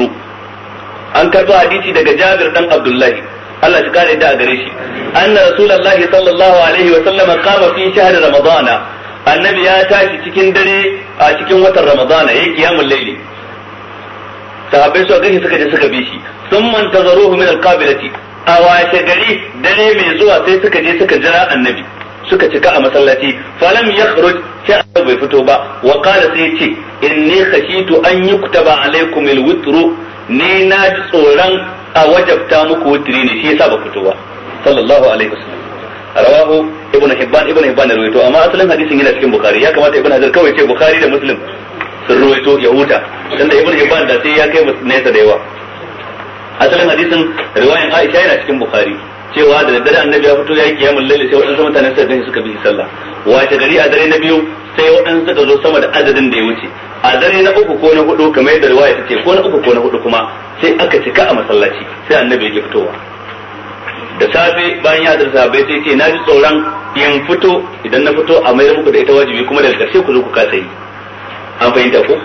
an karɓi hadisi daga Jabir dan Abdullahi Allah shi kare da a gare shi anna rasulullahi sallallahu alaihi wa sallama qama fi shahr ramadana annabi ya tashi cikin dare a cikin watan ramadana yayin kiyamul layli sahabbai su gashi suka je suka bi shi sun mantazaruhu min alqabilati a washe gari dare mai zuwa sai suka je suka jira annabi suka cika a masallaci falam yakhruj sai bai fito ba wa qala sai ce inni khashitu an yuktaba alaikum alwitru ni na ji tsoron a wajabta muku wuturi ne shi yasa ba fito ba sallallahu alaihi wasallam rawahu ibnu hibban ibnu hibban rawaito amma asalin hadisin yana cikin bukhari ya kamata ibnu hajar kawai ce bukhari da muslim sun rawaito ya huta da ibnu hibban da sai ya kai nesa da yawa asalin hadisin riwayan aisha yana cikin bukhari cewa da daddare annabi ya fito ya yi laili sai waɗansu mutane suka gani suka bi sallah wace gari a dare na biyu sai waɗansu suka zo sama da adadin da ya wuce a dare na uku ko na hudu kamar yadda riwaya ta ce ko na uku ko na hudu kuma sai aka cika a masallaci sai annabi ya fitowa da safe bayan ya zarta bai sai ce na ji tsoron in fito idan na fito a mayar muku da ita wajibi kuma daga ƙarshe ku zo ku kasa yi an fahimta ko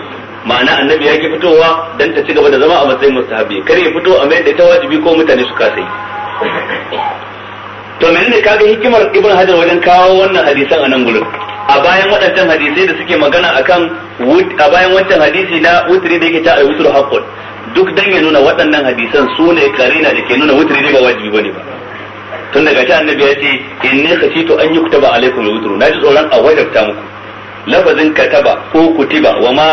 ma'ana annabi ya ke fitowa dan ta ci gaba da zama a matsayin mustahabi kar ya fito a mayar da ita wajibi ko mutane su kasa yi to menene kaga hikimar ibn hajar wajen kawo wannan hadisan a nan gurin a bayan waɗancan hadisai da suke magana akan a bayan wancan hadisi na wutri da yake ta ayi wutru haqqun duk dan ya nuna waɗannan hadisan su ne karina da ke nuna wutri ne ba wajibi bane ba tun daga shi annabi ya ce inni khashitu an yuktaba alaikum na ji tsoron a wajabta muku lafazin kataba ko kutiba wa ma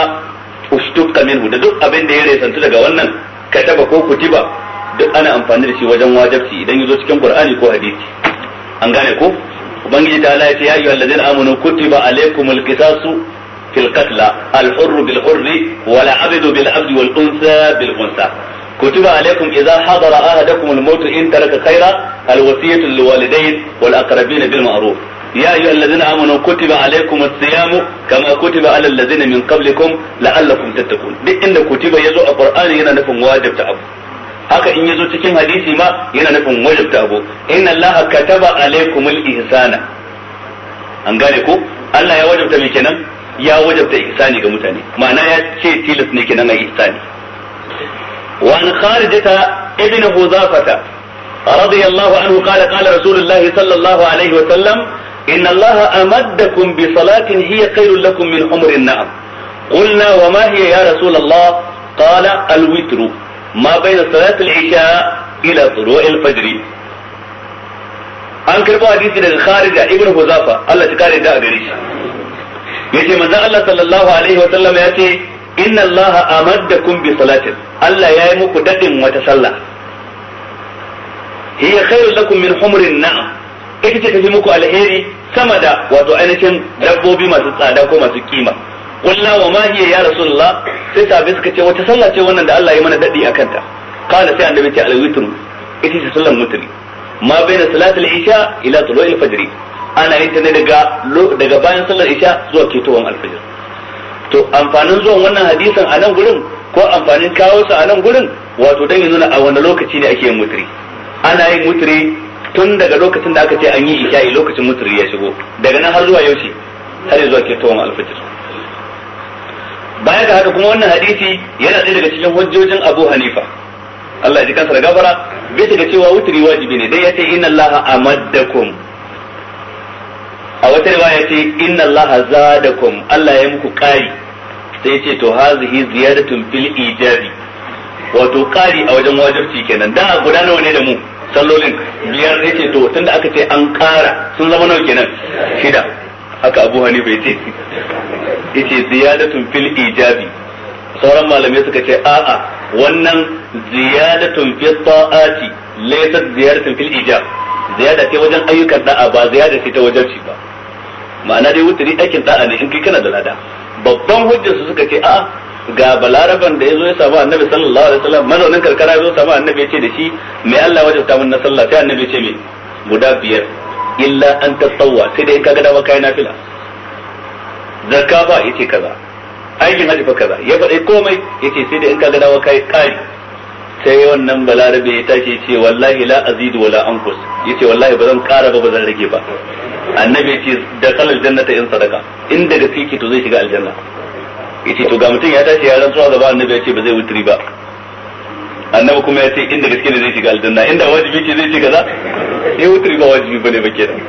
ushtuqa minhu da duk abin da ya resantu daga wannan kataba ko kutiba duk ana amfani da shi wajen wajabci idan yazo cikin qur'ani ko hadisi an gane ko ubangiji ta Allah ya ce ya ayyuhal ladzina amanu kutiba alaykumul qisasu fil qatl al hurr bil hurr wal abdu bil abd wal unsa bil unsa كتب عليكم إذا حضر أحدكم الموت إن ترك خيرا الوصية للوالدين والأقربين بالمعروف يا أيها الذين آمنوا كتب عليكم الصيام كما كتب على الذين من قبلكم لعلكم تتقون دي كتب يزو القرآن هنا نفهم واجب تعب haka in yazo cikin hadisi ma yana nufin wajibta abu inna allaha kataba alaikumul ihsana an gane ko Allah ya wajabta me kenan ya wajabta ihsani ga mutane ma'ana ya ce tilas ne kenan a ihsani wa an kharijata ibnu huzafata radiyallahu anhu عنه قال قال رسول alaihi wa الله عليه allaha إن الله أمدكم بصلاة هي خير لكم من حمر na'am قلنا وما هي يا رسول الله قال الوتر ma bayna salatul isha ila tulu'il fajr an karbo hadisi daga kharija ibn huzafa Allah ya kare da a gare shi yace Allah sallallahu alaihi wa sallam yace inna Allah amaddakum bi salatin Allah yayi muku dadin wata sallah hiya khairul lakum min humrin na'am ita ce tafi muku alheri sama da wato ainihin dabbobi masu tsada ko masu kima qulna wa ma hiya ya rasulullah sai sahabbai suka ce wata sallah ce wannan da Allah ya mana dadi akan ta kana sai annabi ce al-witr ita ce sallar mutri ma baina salatul isha ila tulu'il fajr ana yin ta ne daga daga bayan sallar isha zuwa ketowar alfajir to amfanin zuwan wannan hadisin a nan gurin ko amfanin kawo su a nan gurin wato dan ya nuna a wani lokaci ne ake yin mutri ana yin mutri tun daga lokacin da aka ce an yi isha'i lokacin mutri ya shigo daga nan har zuwa yaushe har zuwa ketowar alfajir baya ga haka kuma wannan hadisi yana ɗaya daga cikin hujjojin Abu Hanifa Allah ji kansa da gabara bisa ga cewa wuturi wajibi ne dai yace inna Allaha amaddakum a wata riwaya ce inna Allaha zadakum Allah ya muku ƙari sai ce to hazihi ziyadatun fil ijabi wato ƙari a wajen wajibci kenan da guda nawa ne da mu sallolin biyar ne ce to tunda aka ce an ƙara sun zama nawa kenan shida haka abu bai ce yace ziyadatun fil ijabi sauran malamai suka ce a'a wannan ziyadatun fi ta'ati laysat ziyadatun fil ijab ziyada ce wajen ayyukan da'a ba ziyada ce ta wajen ci ba ma'ana dai wuturi aikin da'a ne in kai kana da lada babban hujjar su suka ce a'a ga balaraban da yazo ya samu annabi sallallahu alaihi wasallam mazaunin karkara yazo samu annabi ya ce da shi me Allah wajabta mun na sallah sai annabi ya ce me guda biyar illa an tasawwa sai dai kaga dama kai nafila zakka ba yace kaza aikin haji fa kaza ya faɗi komai yace sai dai in kaga dama kai kai sai wannan balarabe ya tashi ce wallahi la azidu wala anqus yace wallahi ba zan kara ba ba zan rage ba annabi ce da kalal jannata in sadaka in daga fiki to zai shiga aljanna yace to ga mutun ya tashi ya rantsuwa gaba annabi ya ce ba zai wuturi ba annabi kuma ya ce inda gaske ne zai shiga aljanna inda wajibi ce zai shiga za sai wutri ba wajibi bane ba kenan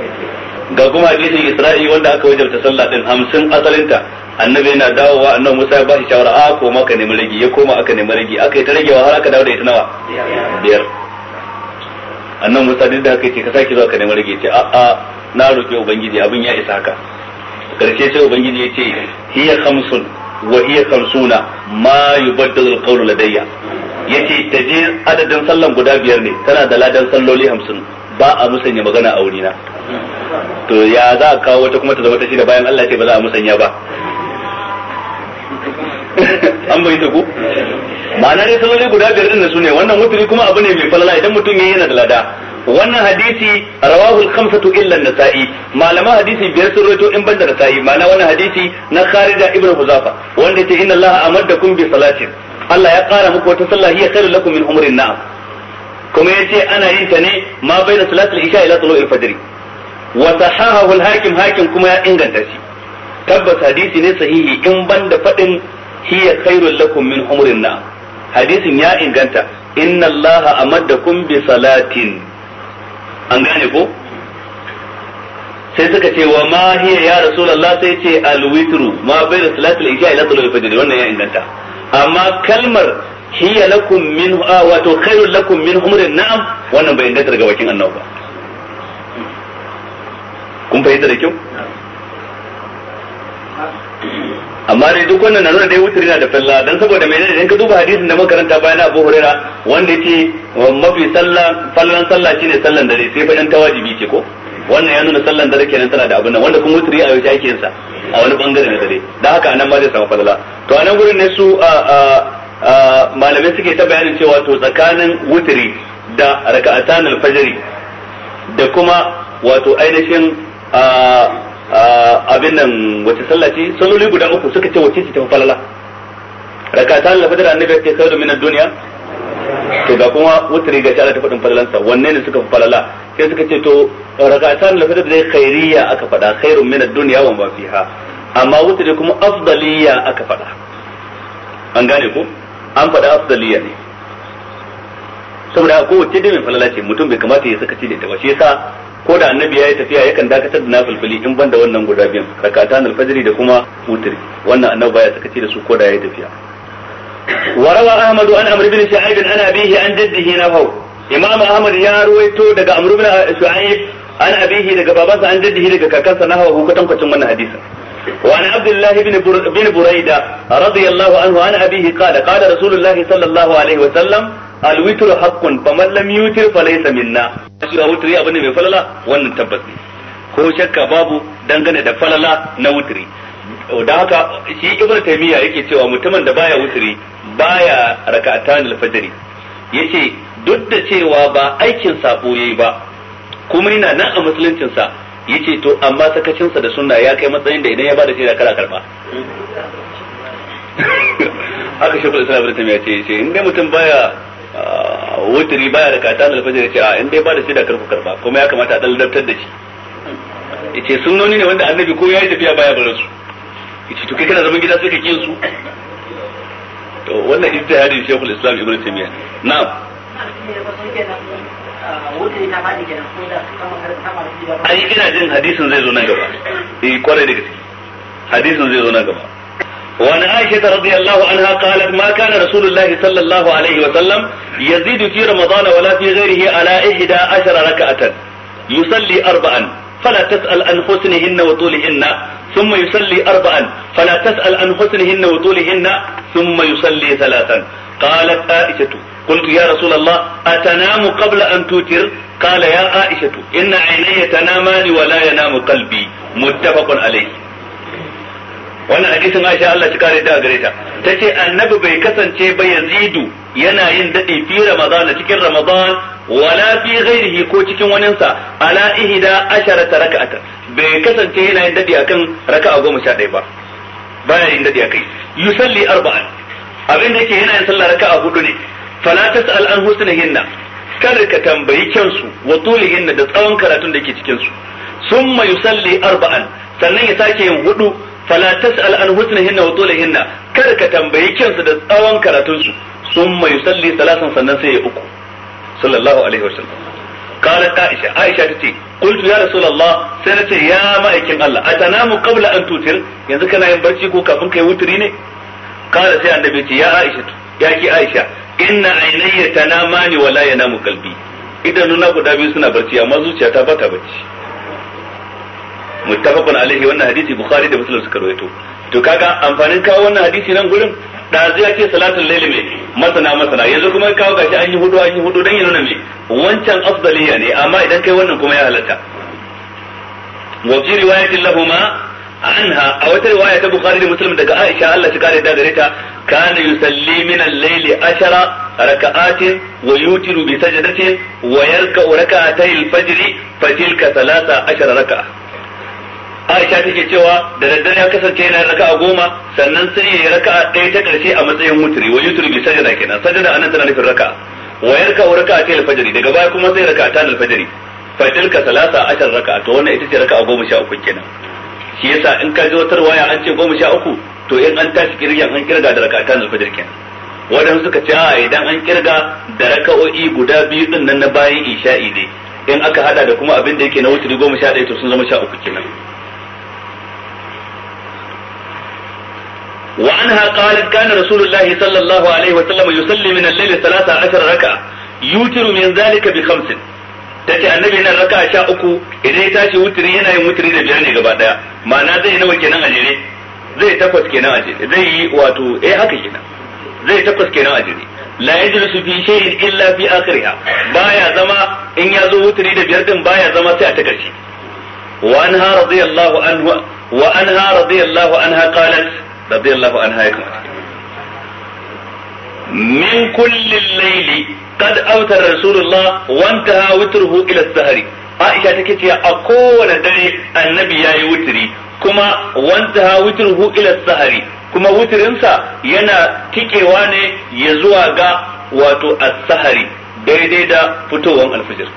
ga kuma hadisin Isra'i wanda aka wajabta sallah din hamsin asalinta annabi yana dawowa annabi Musa ya bashi shawara a koma ka nemi rage ya koma aka nemi rage aka yi ta ragewa har aka dawo da ita nawa biyar annabi Musa duk da haka ce ka saki zuwa ka nemi rage ce a a na roƙi ubangiji abin ya isa haka karshe sai ubangiji ya ce hiya khamsun wa hiya khamsuna ma yubaddalu alqawlu ladayya yace ta je adadin sallan guda biyar ne tana da ladan salloli hamsin ba a musanya magana a wurina to ya za a kawo wata kuma ta zama ta shida bayan Allah ce ba za a musanya ba an bai ta ku ma'ana ne salloli guda biyar din su ne wannan mutuni kuma abu ne mai falala idan mutum ya yana da lada wannan hadisi rawahu al-khamsatu illa an-nasa'i malama hadisi biyar sun rawaito in banda sa'i ma'ana wannan hadisi na kharija ibnu huzafa wanda ce inna allaha amaddakum bi salatin Allah ya ƙara muku wata sallah hiya khairu lakum min umrin na'am kuma yace ana yin ta ne ma da salatul isha ila tulu'il fajr wa sahahahu al-hakim hakim kuma ya inganta shi tabbas hadisi ne sahihi in banda fadin hiya khairu lakum min umrin na'am hadisin ya inganta inna allaha amaddakum bi salatin an gane ko sai suka ce wa ma hiya ya rasulullah sai ce al-witru ma baina salatul isha ila tulu'il fajr wannan ya inganta amma kalmar hiya lakum min ah, wato khairul lakum min umrin na'am wannan bai dace daga wakin annabi ba kun fahimta da kyau amma dai duk wannan na nuna dai wutar yana da falla dan saboda mai ne ka duba hadisin da karanta bayan Abu Huraira wanda yake mafi sallah fallan sallah shine sallan dare sai fa dan tawajibi ce ko wannan ya nuna sallan dare kenan tana da abin nan wanda kuma wutri a yau ake yin sa a wani bangare na dare da haka anan ma zai samu fadala to anan gurin ne su a malamai suke ta bayanin cewa to tsakanin wutri da raka'atan alfajiri da kuma wato ainihin abin nan wace sallah ce salloli guda uku suka ce wace ce ta fadala raka'atan alfajiri annabi ya ce saudu min ad-dunya to ga kuma wutri ga Allah ta faɗin falalansa wanne ne suka falala sai suka ce to rak'atan la fitr dai khairiyya aka faɗa khairun min ad-dunya wa ma fiha amma wutri kuma afdaliyya aka faɗa an gane ko an faɗa afdaliyya ne saboda kowace dai mai falala ce mutum bai kamata ya saka da ta ba shi yasa ko da annabi ya yi tafiya yakan dakatar da nafilfili in banda wannan guda biyan rak'atan al-fajr da kuma wutri wannan annabi baya saka da su ko da ya yi tafiya وروى أحمد عن عمرو بن شعيب عن أبيه عن جده نحو إمام أحمد يا رويتو دقى عمرو بن شعيب عن أبيه دقى بابانسا عن جده دقى كاكانسا نحو هو كتن كتن من حديثا وعن عبد الله بن, بر... بن بريدة رضي الله عنه عن أبيه قال قال رسول الله صلى الله عليه وسلم الوتر حق فمن لم يوتر فليس منا shi وتر يا da mai falala wannan tabbas ne بابو shakka babu dangane da falala na wutri da haka shi ibnu taymiya yake cewa mutumin da baya wutri baya raka'atan al-fajr yace duk da cewa ba aikin sabo yayi ba kuma yana nan a musuluncin sa yace to amma sakacin sa da sunna ya kai matsayin da idan ya bada shaida kara karba aka shi kula sanar da ya ce yace in dai mutum baya ah, wuturi baya raka'atan al-fajr yace a ah, in dai bada shaida karfu karba kuma ya kamata a daliltar da shi yace sunnoni ne wanda annabi ko ya yi tafiya baya bar su yace to kai kana zaman gida sai ka kiyin su to wannan ijtihadin sheikhul islam ibn taymiya na'am ai ina jin hadisin zai zo nan gaba eh kwarai da gaske hadisin zai zo nan gaba وعن عائشة رضي الله عنها قالت ما كان رسول الله صلى الله عليه وسلم يزيد في رمضان ولا في غيره على إحدى عشر فلا تسأل عن حسنهن وطولهن ثم يصلي أربعا فلا تسأل عن حسنهن وطولهن ثم يصلي ثلاثا قالت عائشة قلت يا رسول الله أتنام قبل أن توتر قال يا عائشة إن عيني تنامان ولا ينام قلبي متفق عليه wannan hadisin Aisha Allah ta kare da gare ta tace annabi bai kasance ba Yazidu yana yin dade fi Ramadan cikin Ramadan wala fi ghairihi ko cikin waninsa ala ihda asharata raka'atan bai kasance yana yin dadi akan raka'a goma sha ɗaya ba baya yin dadi akai yusalli arba'an abin da yake yana yin sallah raka'a hudu ne fala tas'al an husnihinna kar ka tambayi kyansu wa tulihinna da tsawon karatun da yake cikin su summa yusalli arba'an sannan ya sake yin hudu fala tas'al an husnihinna wa tulihinna kar ka tambayi kyansu da tsawon karatun su summa yusalli salasan sannan sai ya uku sallallahu alaihi wasallam قالت عائشة عائشة تتي قلت يا رسول الله سنتي يا مائكين الله mu قبل an توتر yanzu kana yin barci ko kafin kai wuturi ne kala sai annabi ce ya Aisha ya ki Aisha inna aynayya tanamani wala yanamu qalbi idanuna guda biyu suna barci amma zuciya ta bata barci muttafaqun alaihi wannan hadisi bukhari da muslim suka rawaito to kaga amfanin kawo wannan hadisi nan gurin ɗazu ya ce salatul laili mai masana masana yanzu kuma kawo gashi an yi hudu an yi hudu dan yi nuna mai wancan afdaliya ne amma idan kai wannan kuma ya halatta wa fi riwayatin lahuma anha a wata riwaya ta bukhari da muslim daga aisha Allah ta kare da gare ta kana yusalli min al-layli ashara raka'atin wa yutiru bi sajdatin wa yarka'u raka'atay al-fajr fa tilka thalatha ashara raka'a Aisha take cewa da daddare ya kasance yana raka'a goma sannan sai ya yi raka'a ɗaya ta ƙarshe a matsayin wuturi wa yuturi bi sajada kenan sajada anan tana nufin raka'a wa yarka wa raka'a ta alfajiri daga baya kuma sai raka'a ta alfajiri fa tilka salasa ashar raka'a to wannan ita ce raka'a goma sha uku kenan shi yasa in ka ji wata waya an ce goma sha uku to in an tashi kirgin an kirga da raka'a ta alfajiri kenan wadan suka ce a idan an kirga da raka'o'i guda biyu din nan na bayan isha'i ne in aka hada da kuma abin da yake na wuturi goma sha ɗaya to sun zama sha uku kenan وعنها قال كان رسول الله صلى الله عليه وسلم يصلي من الليل ثلاثة عشر ركعة يوتر من ذلك بخمس tace annabi nan raka sha uku idan ya tashi wutiri yana da biyar ne gaba daya ma'ana zai nawa kenan a jere zai takwas kenan a jere zai yi wato eh haka kenan zai takwas kenan a jere la yajlisu fi shay'in illa fi akhiriha baya zama in ya zo wutiri da biyar din baya zama sai a ta wa anha radiyallahu anha ya kamata min kulli layli qad autar rasulullah wa intaha witruhu ila sahari Aisha take cewa a kowane dare annabi yayi wutri kuma wantaha witruhu ila sahari kuma wutirinsa yana tikewa ne ya zuwa ga wato as-sahari daidai da fitowar alfijir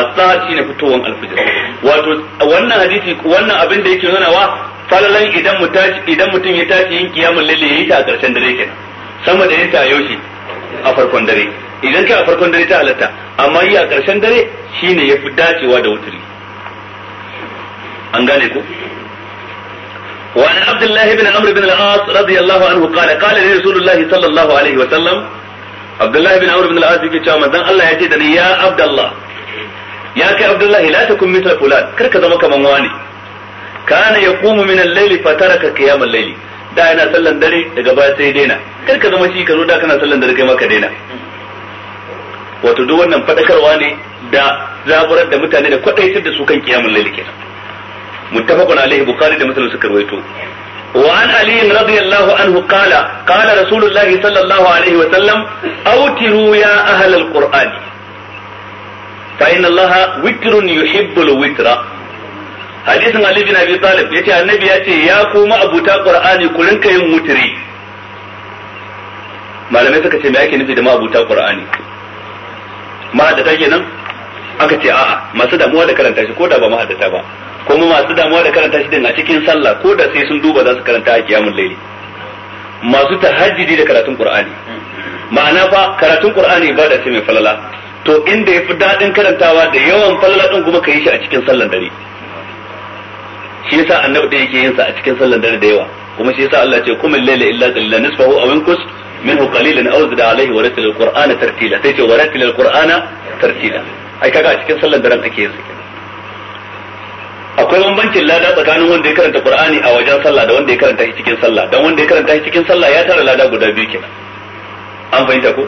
as-sahar shine fitowar alfijir wato wannan hadisi wannan abin da yake nuna wa falalan idan idan mutum ya tashi yin kiyamul laili yayi ta a ƙarshen dare kenan sama da yin ta yaushe a farkon dare idan ka a farkon dare ta halatta amma yi a ƙarshen dare shine yafi dacewa da wuturi an gane ko وعن عبد الله بن عمرو بن العاص رضي الله عنه قال قال لي رسول الله صلى الله عليه وسلم عبد الله بن عمرو بن العاص yake cewa manzon Allah ya ce da ni ya Abdullah ya kai Abdullahi la takun mithla fulan kar ka zama kaman wani kana kuma min al-layli taraka qiyam al-layli da yana sallan dare daga baya sai daina kar ka zama shi ka zo da kana sallan dare kai ma ka daina wato duk wannan fadakarwa ne da zaburar da mutane da kwadaitar da su kan al Layli kenan muttafaqun alaihi bukhari da muslim suka rawaito wa an ali radiyallahu anhu qala qala rasulullahi sallallahu alaihi wa sallam awtiru ya ahlal qur'ani fa inna allaha witrun yuhibbul witra hadisin Ali bin Abi Talib yace annabi ya ce ya kuma abuta Qur'ani ku rinka yin wutiri malamai suka ce me ake nufi da ma abuta Qur'ani ma da take nan aka ce a'a masu damuwa da karanta shi ko da ba mahaddata ba kuma masu damuwa da karanta shi din a cikin sallah ko da sai sun duba za su karanta a kiyamul layli masu tahajjudi da karatun Qur'ani ma'ana fa karatun Qur'ani da ce mai falala to inda yafi dadin karantawa da yawan falala din kuma ka yi shi a cikin sallan dare shi yasa annabi da yake yin sa a cikin sallar dare da yawa kuma shi yasa Allah ce kumil layla illa qalilan nisfahu aw inkus minhu qalilan aw zid alayhi wa ratil alqur'ana tartila sai ce wa ratil alqur'ana tartila ai kaga a cikin sallar daren ake yin sa akwai bambancin lada tsakanin wanda ya karanta qur'ani a wajen sallah da wanda ya karanta shi cikin sallah dan wanda ya karanta shi cikin sallah ya tara lada guda biyu kenan an fahimta ko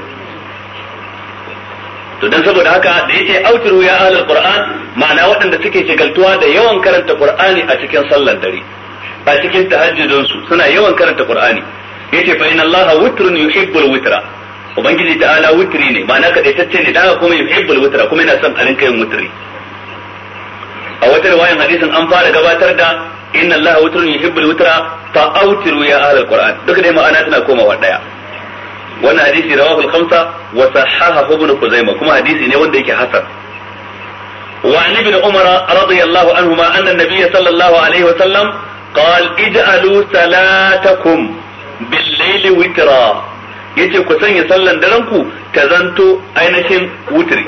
to dan saboda haka da yace autiru ya ahlul qur'an ma'ana waɗanda suke shigaltuwa da yawan karanta qur'ani a cikin sallar dare a cikin tahajjudun su suna yawan karanta qur'ani yace fa inna allaha witrun yuhibbul witra ubangiji ala witri ne ma'ana kadaitacce ne da kuma yuhibbul witra kuma yana son alinka yin witri a wata riwayan hadisin an fara gabatar da inna allaha witrun yuhibbul witra fa autiru ya ahlul qur'an duka dai ma'ana tana komawa daya wannan hadisi rawahu al-khamsa wa sahahahu ibn Khuzaimah kuma hadisi ne wanda yake hasan وعن ابن عمر رضي الله عنهما أن النبي صلى الله عليه وسلم قال اجعلوا صلاتكم بالليل وترا yace ku sanya sallan daranku ta zanto ainihin wutri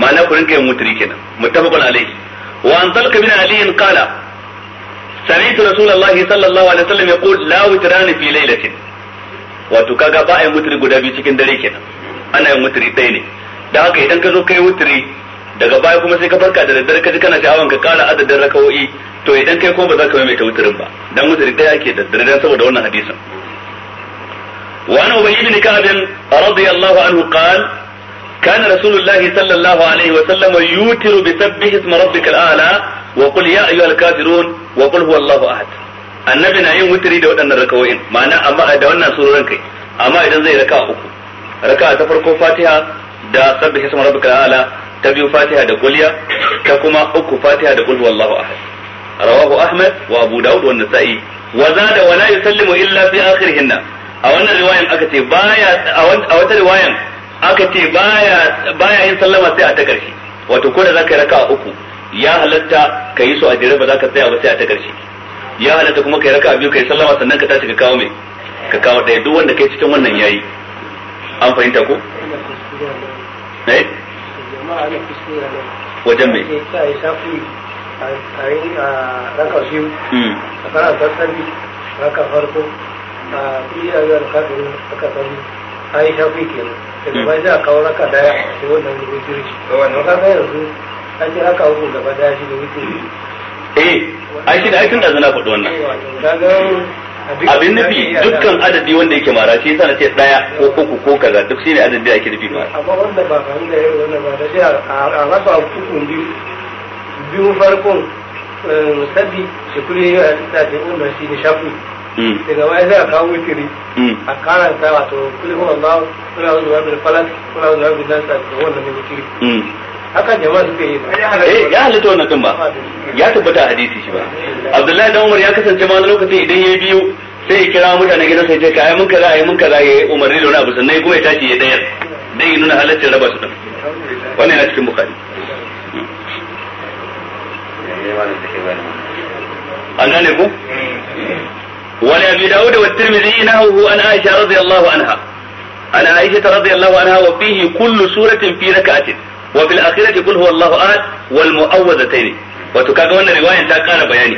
ma'ana ku rinka yin wutri kenan muttafaqun alayhi wa an talqa bin ali qala sami'tu rasulullahi sallallahu alaihi wasallam yaqul la witrani fi laylatin wato kaga ba a yi mutri guda biyu cikin dare kenan ana yin mutri ɗaya ne da haka idan ka zo kai mutri daga baya kuma sai ka farka da daddare ka ji kana sha'awan ka kara adadin rakawo'i to idan kai ko ba za ka mai ta wutirin ba dan mutri ɗaya ake da daddare saboda wannan hadisin ana أبي بن كعب رضي الله عنه قال كان رسول الله صلى الله عليه وسلم يوتر بسبه اسم ربك الأعلى وقل يا أيها الكافرون وقل هو الله ahad. annabi na yin wuturi da waɗannan rakawoyin ma'ana amma da wannan surorin kai amma idan zai raka uku raka ta farko fatiha da sabbi hisma rabbika ala ta biyu fatiha da kulliya ta kuma uku fatiha da kulhu wallahu ahad rawahu ahmad wa abu daud wa nasa'i wa zada wa la yusallimu illa fi akhirihinna a wannan riwayan aka ce baya a wata riwayan aka ce baya baya yin sallama sai a ta karshe wato ko da zaka raka uku ya halatta ka yi su a jere ba zaka tsaya ba sai a ta karshe ya halatta kuma kai raka biyu kai sallama sannan ka tashi ka kawo mai ka kawo ɗaya duk wanda kai cikin wannan yayi an fahimta ko eh wajen a hmm. raka biyu a karanta raka farko a zuwa raka tsari a yi shafi bai za a kawo raka daya a wannan wannan raka yanzu an yi raka uku gaba daya shi da eh da da zana faɗi wannan abin nufi dukkan adadi wanda yake mara shi yasa na ce daya ko uku ko kaza duk shine adadi ake nufi mara amma wanda ba d'a yau wannan ba da shi a rasa uku biyu biyu farkon sabi shi yau a ce wannan shi ne shafu daga wani zai kawo wutiri a karanta wato kulli Allah kula zuwa bil kula zuwa bil da wannan ne eh ya halitta wannan din ba ya tabbata hadisi shi ba Abdullahi dan Umar ya kasance ma lokacin idan ya biyu sai ya kira mutane gidan sai ce kai mun kaza ai mun kaza yayi umarni da wani abu sannan kuma ya tashi ya dayar dai nuna halaccin raba su din wannan yana cikin bukhari an gane ko wani abu da wuda wa tirmidhi nahu an aisha radiyallahu anha ana aisha radiyallahu anha wa fihi kullu suratin fi rak'atin wa fil akhirati qul huwallahu ahad wal mu'awwidhatayn wato kaga wannan riwaya ta kara bayani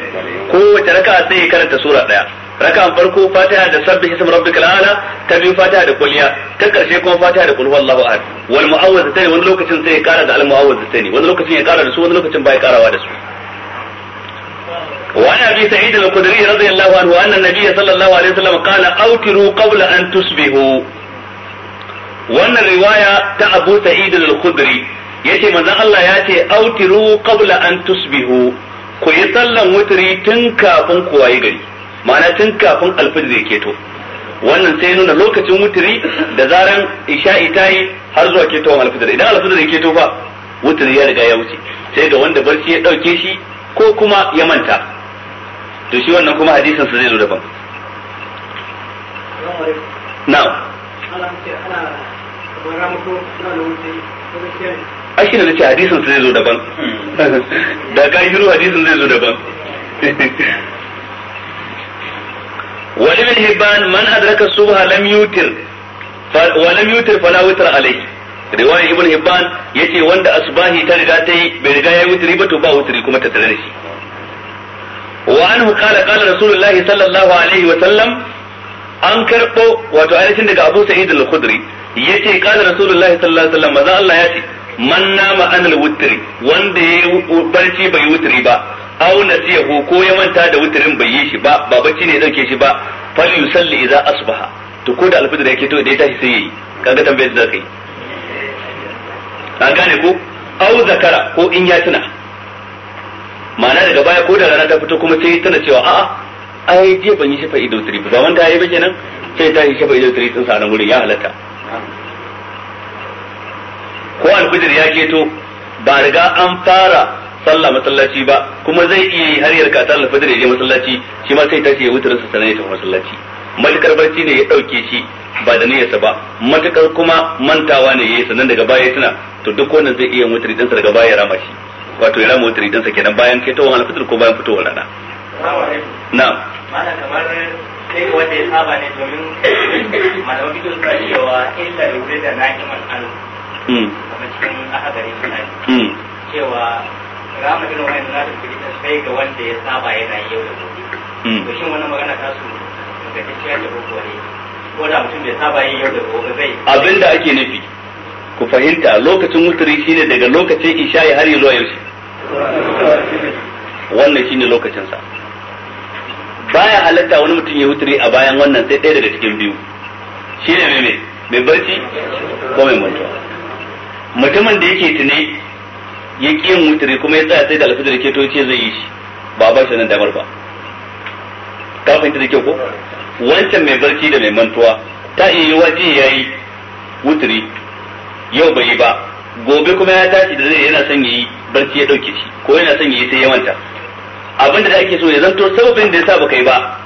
kowace raka'a sai ya karanta sura daya raka'an farko fatiha da sabbih ism rabbikal a'la ta biyu fatiha da kulliya ta karshe kuma fatiha da kul huwallahu ahad wal mu'awwidhatayn wani lokacin ya kara da al wani lokacin ya kara da su wani lokacin ya da su وعن ابي سعيد الخدري رضي الله عنه ان النبي صلى الله عليه وسلم قال اوتروا قبل ان تصبحوا وان الروايه تا سعيد الخدري yace manzon Allah ya ce autiru qabla an tusbihu ku yi sallan wutri tun kafin ku wayi gari ma'ana tun kafin alfajir ya keto wannan sai nuna lokacin wutri da zaran isha'i tayi har zuwa keto alfajir idan alfajir ya keto fa wutri ya riga ya wuce sai ga wanda barci ya dauke shi ko kuma ya manta to shi wannan kuma hadisin sa zai zo daban na'am ana ana kamar suna da wuce a shi na ce hadisin zai zo daban da ka shiru hadisin zai zo daban wa ibn hibban man adraka subha lam yutir wa lam yutir fala witr alayhi riwaya ibn hibban yace wanda asbahi ta riga ta yi bai riga ya wutri ba to ba wutri kuma ta tare da shi wa anhu qala qala rasulullah sallallahu alaihi wa sallam an karbo wato ayatin daga abu sa'id al-khudri yace qala rasulullah sallallahu alaihi wa sallam maza Allah ya ce man nama anil wutri wanda ya barci bai wutri ba aw nasiyahu ko ya manta da wutrin bai yi shi ba ba bacci ne dauke shi ba fal yusalli idza asbaha to ko da alfitr yake to da ya tashi sai yi kaga tambayar da kai an gane ko aw zakara ko in ya tuna ma'ana daga baya ko da rana ta fito kuma sai tana cewa a'a ai je ban yi shafa ido ba manta yayi ba kenan sai ta yi shafa ido tri din sa nan gurin ya halatta ko alfijir ya keto ba riga an fara sallah masallaci ba kuma zai iya yi har yarka ta alfijir ya je masallaci shi ma sai tashi ya wutar sa sanai ya masallaci matukar barci ne ya dauke shi ba da niyyarsa ba matukar kuma mantawa ne yayi sannan daga baya tuna to duk wannan zai iya wutar sa daga baya ya rama shi wato ya rama wutar sa kenan bayan kai tawon alfijir ko bayan fitowar rana na'am mana kamar sai wanda ya saba ne domin malamin bidiyon cewa illa da wuri da na'imar Hmm. kuma hmm. cewa da hmm. abinda ake nufi ku fahimta lokacin wuturi shine daga lokacin isha'i har yi zuwa yau wannan shine lokacin sa baya halatta wani mutum ya wuturi a bayan wannan sai ɗaya daga cikin biyu shine mai mai mai barci ko mai mantuwa mutumin da yake tune ya ƙi yin wutiri kuma ya tsaya sai da alfajir ke to ce zai yi shi ba ba shi nan damar ba ka fahimta da kyau ko wancan mai barci da mai mantuwa ta iya yi waje ya yi wuturi yau bai yi ba gobe kuma ya tashi da zai yana son ya yi barci ya ɗauke shi ko yana son ya yi sai ya manta abin da ake so ya zanto sababin da ya sa baka yi ba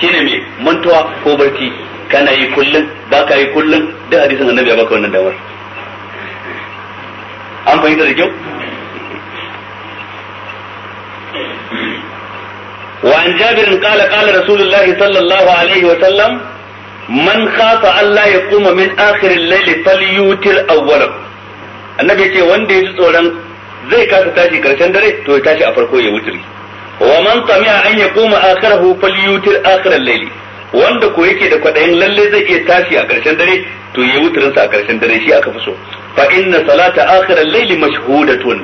shine mai mantuwa ko barci kana yi kullum ba ka yi kullum da hadisin annabi ya baka wannan damar an fahimta da kyau wa an jabirin kala kala rasulullahi sallallahu alaihi wa sallam man khafa Allah ya kuma min akhirin laili falyutir awwala annabi yace wanda yaji tsoron zai kasa tashi karshen dare to ya tashi a farko ya wutri wa man tamia an ya kuma akhirahu falyutir akhirin laili wanda ko yake da kwadayin lalle zai iya tashi a karshen dare to ya wutrin sa a karshen dare shi aka fi so fa inna salata akhir al-layli mashhudatun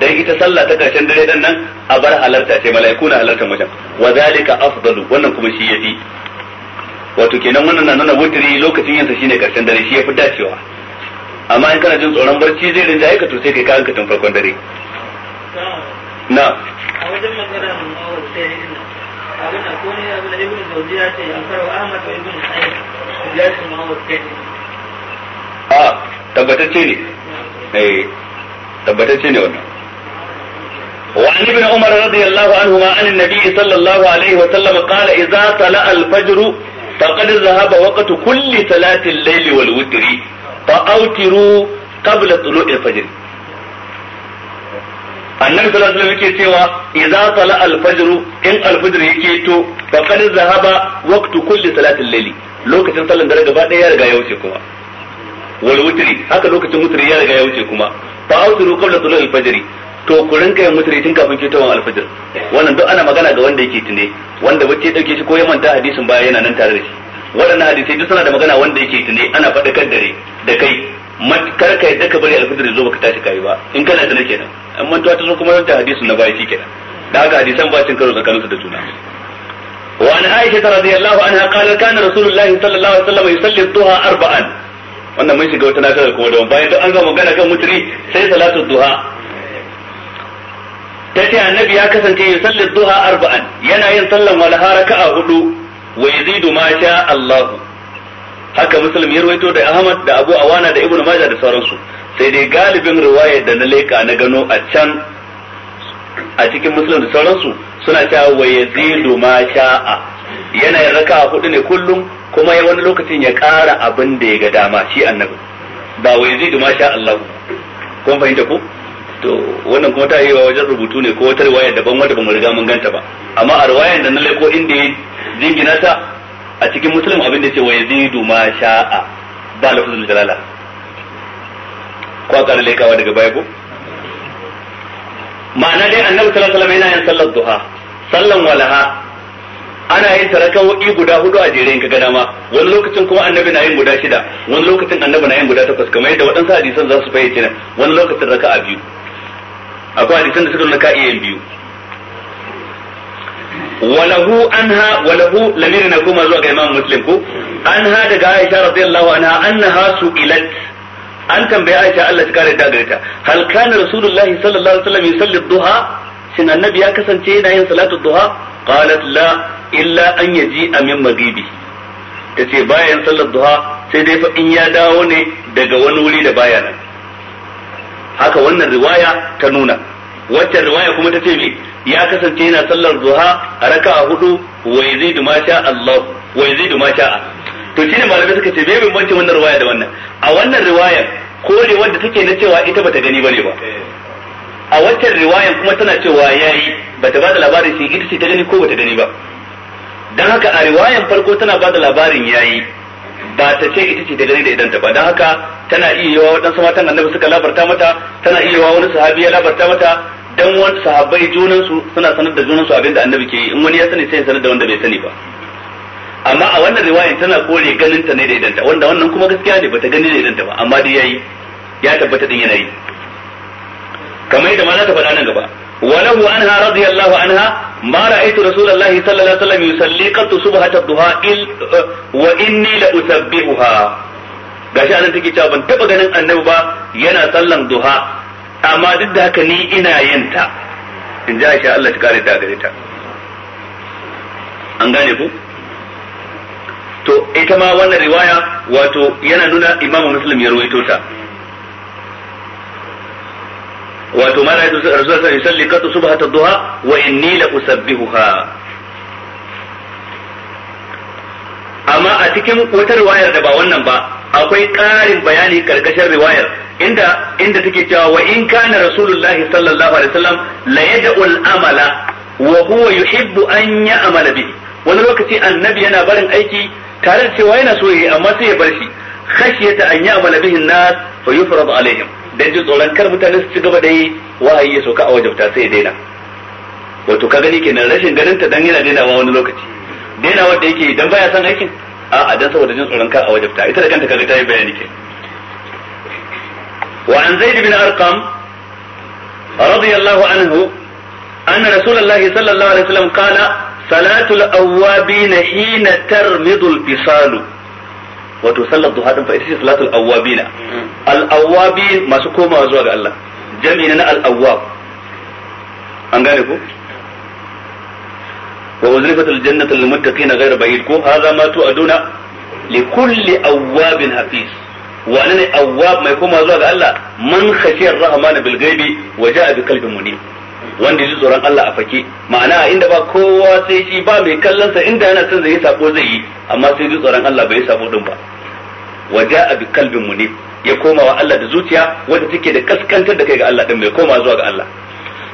dan ita sallah ta karshen dare dan nan a bar halarta ce mala'iku na halarta wajen wa zalika afdalu wannan kuma shi yafi wato kenan wannan na nuna wutiri lokacin yansa shine karshen dare shi yafi dacewa amma in kana jin tsoron barci zai rinja aika to sai kai ka tun farkon dare na a wajen magana abin da ko ne abin da ibn zawziya ce an karo ahmad ibn sa'id ya ce tabbatacce ne eh tabbatacce ne wannan وعن ابن عمر رضي الله عنهما عن النبي صلى الله عليه وسلم قال إذا طلع الفجر فقد ذهب وقت كل صلاة الليل والوتر فأوتروا قبل طلوع الفجر cewa idza in al yake to faqad zahaba waqtu lokacin sallan dare gaba ya kuma wal wutri haka lokacin wutri ya riga ya wuce kuma fa auduru qabla tulu al fajr to ku rinka yin mutri tun kafin fitowar al fajr wannan duk ana magana ga wanda yake tune wanda wacce dauke shi ko ya manta hadisin baya yana nan tare da shi Wannan hadisi duk suna da magana wanda yake tune ana faɗakar dare da kai kar ka yadda ka bari alfajr zo baka tashi kai ba in kana da kenan an mantuwa ta zo kuma wanda hadisin na baya kenan da haka hadisan ba cin karo tsakaninsu da juna وعن عائشة رضي الله عنها قال كان رسول الله صلى الله عليه وسلم يصلي الضحى أربعا wannan mun shiga wata nasarar kuma da bayan duk an gama magana kan mutri sai salatu duha tace annabi ya kasance ya sallar duha arba'an yana yin sallan walha raka'a hudu wa yazidu ma sha Allah haka muslim ya rawaito da Ahmad da Abu Awana da Ibn Majah da sauransu sai dai galibin riwayar da na leka na gano a can a cikin muslim da sauransu suna cewa wa yazidu ma sha'a yana yin a hudu ne kullum kuma ya wani lokacin ya ƙara abin da ya ga dama shi annabi ba wai zai ma sha Allah kun fahimta ko to wannan kuma ta yiwa wajen rubutu ne ko wata riwaya daban wanda bamu riga mun ganta ba amma a riwayar da na leko inda ya jingina ta a cikin musulmi abin da ce wa yazidu ma sha'a ba lafzul jalala ko aka lekawa daga baya ko ma'ana dai annabi sallallahu alaihi wasallam yana yin sallar duha sallan walaha ana yin wa'i guda hudu a jere ka gada ma wani lokacin kuma annabi na yin guda shida wani lokacin annabi na yin guda takwas kamar yadda waɗansu hadisan za su fahimci nan wani lokacin raka a biyu akwai hadisan da suka nuna ka yin biyu walahu anha walahu lamirin na kuma zuwa ga imam muslim ko anha daga aisha radiyallahu anha annaha Ilat. an tambaye aisha Allah ta kare ta ta hal kana rasulullahi sallallahu alaihi wasallam yusalli duha shin annabi ya kasance yana yin salatu duha qalat la illa an yaji amin maghibi tace bayan sallar duha sai dai fa in ya dawo ne daga wani wuri da baya nan haka wannan riwaya ta nuna waccan riwaya kuma ta ce me ya kasance yana sallar duha a raka'a hudu wa yazidu ma sha Allah wa yazidu ma sha to shine malamai suka ce me bambancin wannan riwaya da wannan a wannan riwaya ne wanda take na cewa ita bata gani bane ba a wancan riwayan kuma tana cewa yayi bata bada labarin shi ita ce ta gani ko bata gani ba dan haka a riwayan farko tana bada labarin yayi ba ta ce ita ce ta gani da idan ta ba dan haka tana iya yawa wadan matan annabi suka labarta mata tana iya yawa wani sahabi ya labarta mata dan wani sahabbai junan su suna sanar da junan su abinda annabi ke yi in wani ya sani sai ya sanar da wanda bai sani ba amma a wannan riwayan tana kore ganin ta ne da idanta wanda wannan kuma gaskiya ne bata gani da idanta ba amma dai yayi ya tabbata din yana yi kamar yadda ma za ta faɗa nan gaba وله عنها رضي الله عنها ما رأيت رسول الله صلى الله عليه وسلم يصلي قط سبحة الضحى وإني لأسبحها gashi anan take cewa ban taba ganin annabi ba yana sallan duha amma duk da haka ni ina yin ta in ji Aisha Allah ta kare ta gare ta an gane ku to ita ma wannan riwaya wato yana nuna imamu muslim ya ruwaito ta wato mana da rasul sallallahu alaihi wasallam katu ta duha wa inni la usabbihuha amma a cikin wata riwayar da ba wannan ba akwai ƙarin bayani karkashin riwayar inda inda take cewa wa in kana rasulullahi sallallahu alaihi wasallam la yad'ul amala wa huwa yuhibbu an ya'mala bihi wani lokaci annabi yana barin aiki tare da cewa yana so yayi amma sai ya bar shi khashiyata an ya'mala bihin an-nas fa yufrad alaihim dan jin tsoron kar mutane su ci gaba da yi wahayi ya soka a wajabta sai ya daina wato ka gani kenan rashin ganin ta dan yana dainawa wani lokaci daina wanda yake dan baya son aikin a'a dan saboda jin tsoron kar a wajabta ita da kanta kaga ta yi bayani ke wa an zaid bin arqam radiyallahu anhu anna rasulullahi sallallahu alaihi wasallam qala salatul awwabin hina tarmidul bisalu wato sallar duha din fa ita ce salatul awwabina hmm. al awwabin masu komawa zuwa ga Allah Jami na al awwab an gane ko wa uzlifat al jannatu lil muttaqin ghayra ba'id ko hadha ma aduna? li kulli awwabin hafiz wa ne awwab mai komawa zuwa ga Allah man khashiyar rahmana bil ghaibi wa ja'a bi qalbin munib wanda ji tsoron Allah a fake ma'ana inda ba kowa sai shi ba mai kallonsa inda yana son zai yi sako zai yi amma sai ji tsoron Allah bai yi sabo din ba wa ja'a bi mu munib ya koma wa Allah da zuciya wanda take da kaskantar da kai ga Allah din mai koma zuwa ga Allah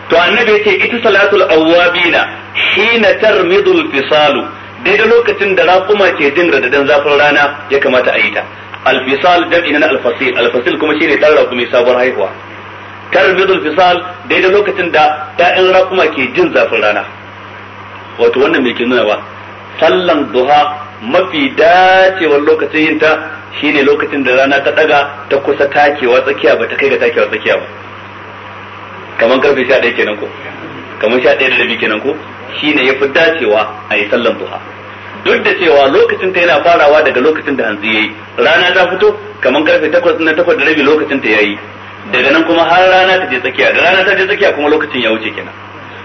to annabi yace ita salatul awwabina hina tarmidul fisalu daidai lokacin da raƙuma ke jin radadin zafin rana ya kamata a yi ta alfisal jam'i na alfasil alfasil kuma shine dan mai sabon haihuwa tarmidul fisal daidai lokacin da ɗayan raƙuma ke jin zafin rana wato wannan me ke nuna ba sallan duha mafi dacewar lokacin yin ta shine lokacin da rana ta daga ta kusa takewa tsakiya ba ta kai ga takewa tsakiya ba kamar karfe 11 kenan ko kamar 11 da rabi kenan ko shine yafi dacewa a yi sallan duha duk da cewa lokacin ta yana farawa daga lokacin da hanzu yayi rana ta fito kamar karfe 8 na 8 da rabi lokacin ta yayi daga nan kuma har rana ta je tsakiya da rana ta je tsakiya kuma lokacin ya wuce kenan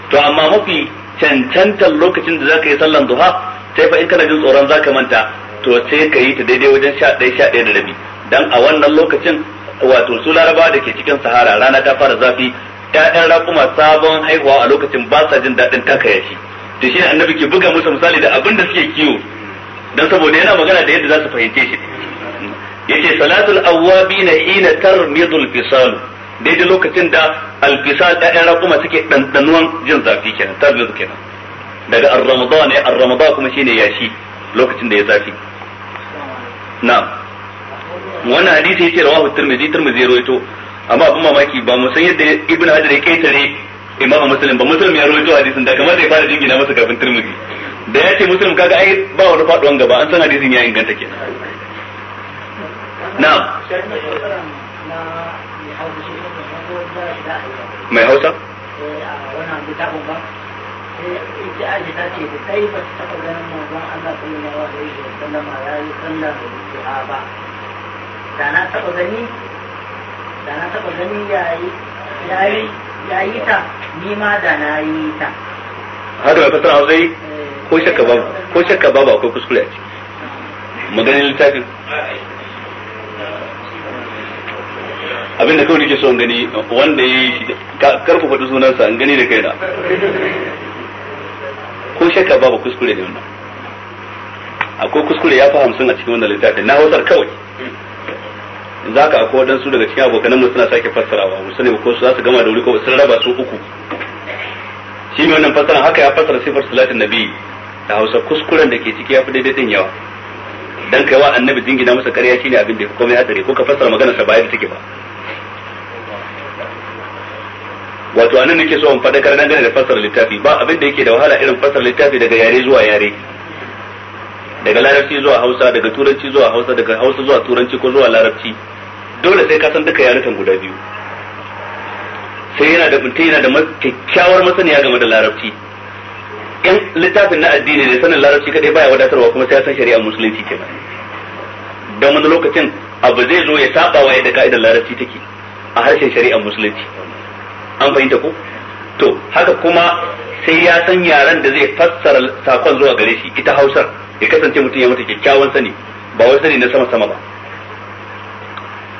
to amma mafi cancantar lokacin da zaka yi sallan duha sai fa in kana jin tsoron zaka manta to sai ka yi ta daidai wajen sha ɗaya sha ɗaya da rabi dan a wannan lokacin wato su laraba da ke cikin sahara rana ta fara zafi ƴaƴan raƙuma sabon haihuwa a lokacin ba sa jin daɗin taka yashi to ne annabi ke buga musu misali da abin da suke kiwo dan saboda yana magana da yadda za su fahimce shi yace salatul awwabina ina tarmidul fisal daidai lokacin da alfisal ɗayan raƙuma suke ɗanɗanuwan jin zafi kenan tarbiyyar kenan daga ar-ramadan ne eh, ar-ramadan kuma shine yashi lokacin da ya zafi na'am wannan hadisi yace rawahu tirmidhi tirmidhi ya rawaito amma abin mamaki ba mu san yadda ibnu hajar ya kaitare imam muslim ba muslim ya rawaito hadisin da kamar zai fara jingina masa kafin tirmidhi da ya ce muslim kaga ai ba wani faduwan gaba an san hadisin ya inganta ke na'am mai hausa eh, ita aji ta ce da da na taɓa gani da na taɓa gani ya yi ta ni ma da na yi ta har da ko shakka ba ko kuskure abinda kawai nake so gani wanda ya yi karfafa sunansa in gani da kaina ko shakka babu kuskure ne wannan akwai kuskure ya fi hamsin a cikin wannan littafin na hausar kawai za ka akwai waɗansu daga cikin abokanan mu suna sake fassarawa mu sani ko su za su gama da wuri ko sun raba su uku shi ne wannan fassara haka ya fassara sifar salatin nabi da hausa kuskuren da ke ciki ya fi daidai din yawa dan kai wa annabi dingina masa ƙarya shine abin da ya fi komai hadari ko ka fassara magana sa ba yadda take ba wato anan nake so in nan gane da fasar littafi ba abin da yake da wahala irin fasar littafi daga yare zuwa yare daga larabci zuwa hausa daga turanci zuwa hausa daga hausa zuwa turanci ko zuwa larabci dole sai ka san duka yarutan guda biyu sai yana da mutum yana da kyakkyawar masaniya game da larabci in littafin na addini ne sanin larabci kadai baya wadatarwa kuma sai ya san shari'a musulunci kenan dan wani lokacin abu zai zo ya saba wa yadda ka'idar larabci take a harshen shari'a musulunci an fahimta ku? to haka kuma sai ya san yaren da zai fassara sakon zuwa gare shi ita hausar ya kasance mutum ya mata kyakkyawan sani ba wai sani na sama sama ba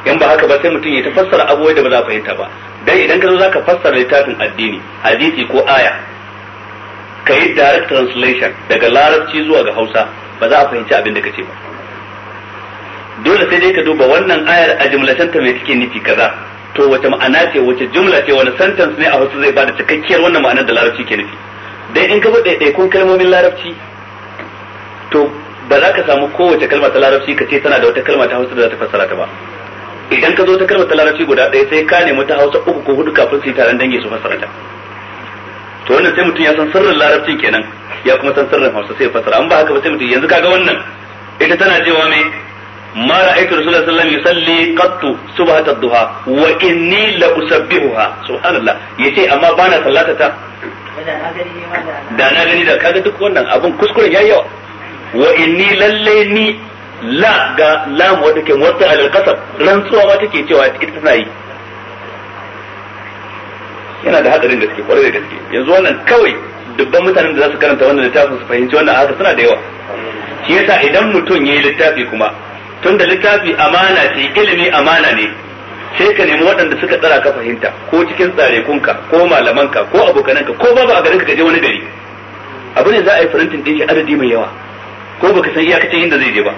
in ba haka ba sai mutum ya ta fassara abubuwa da ba za a fahimta ba dan idan ka zo zaka fassara littafin addini hadisi ko aya ka yi direct translation daga larabci zuwa ga hausa ba za a fahimci abin da kace ba dole sai dai ka duba wannan ayar a jumlatanta me take nufi kaza to wace ma'ana ce wace jumla ce wani sentence ne a wasu zai bada cikakkiyar wannan ma'anar da larabci ke nufi dai in ka bi ɗaiɗaikun kalmomin larabci to ba za ka samu kowace kalma ta larabci ka ce tana da wata kalma ta hausa da za ta fassara ta ba idan ka zo ta kalma ta larabci guda ɗaya sai ka nemi ta hausa uku ko hudu kafin su yi taron dangi su fassara ta to wannan sai mutum ya san sirrin larabci kenan ya kuma san sirrin hausa sai fassara an ba haka ba sai mutum yanzu kaga wannan ita tana cewa me ma ra'aytu rasulullahi sallallahu alaihi wasallam yusalli qattu subhat ad-duha wa inni la usabbihuha subhanallah yace amma ba na sallata ta da na gani da kaga duk wannan abun kuskuren yayi yawa wa inni lalle ni la ga lam wadda ke muwatta alal qasab rantsuwa ma take cewa ita tana yi yana da hadarin gaske kwarai da gaske yanzu wannan kawai dubban mutanen da za su karanta wannan littafin su fahimci wannan haka suna da yawa shi yasa idan mutum ya yi littafi kuma tun da littafi amana ce ilimi amana ne sai ka nemi waɗanda suka tsara ka fahimta ko cikin kunka ko malamanka ko abokananka ko babu a garin ka je wani gari abu ne za a yi farantin ɗin shi adadi mai yawa ko baka san iyakacin inda zai je ba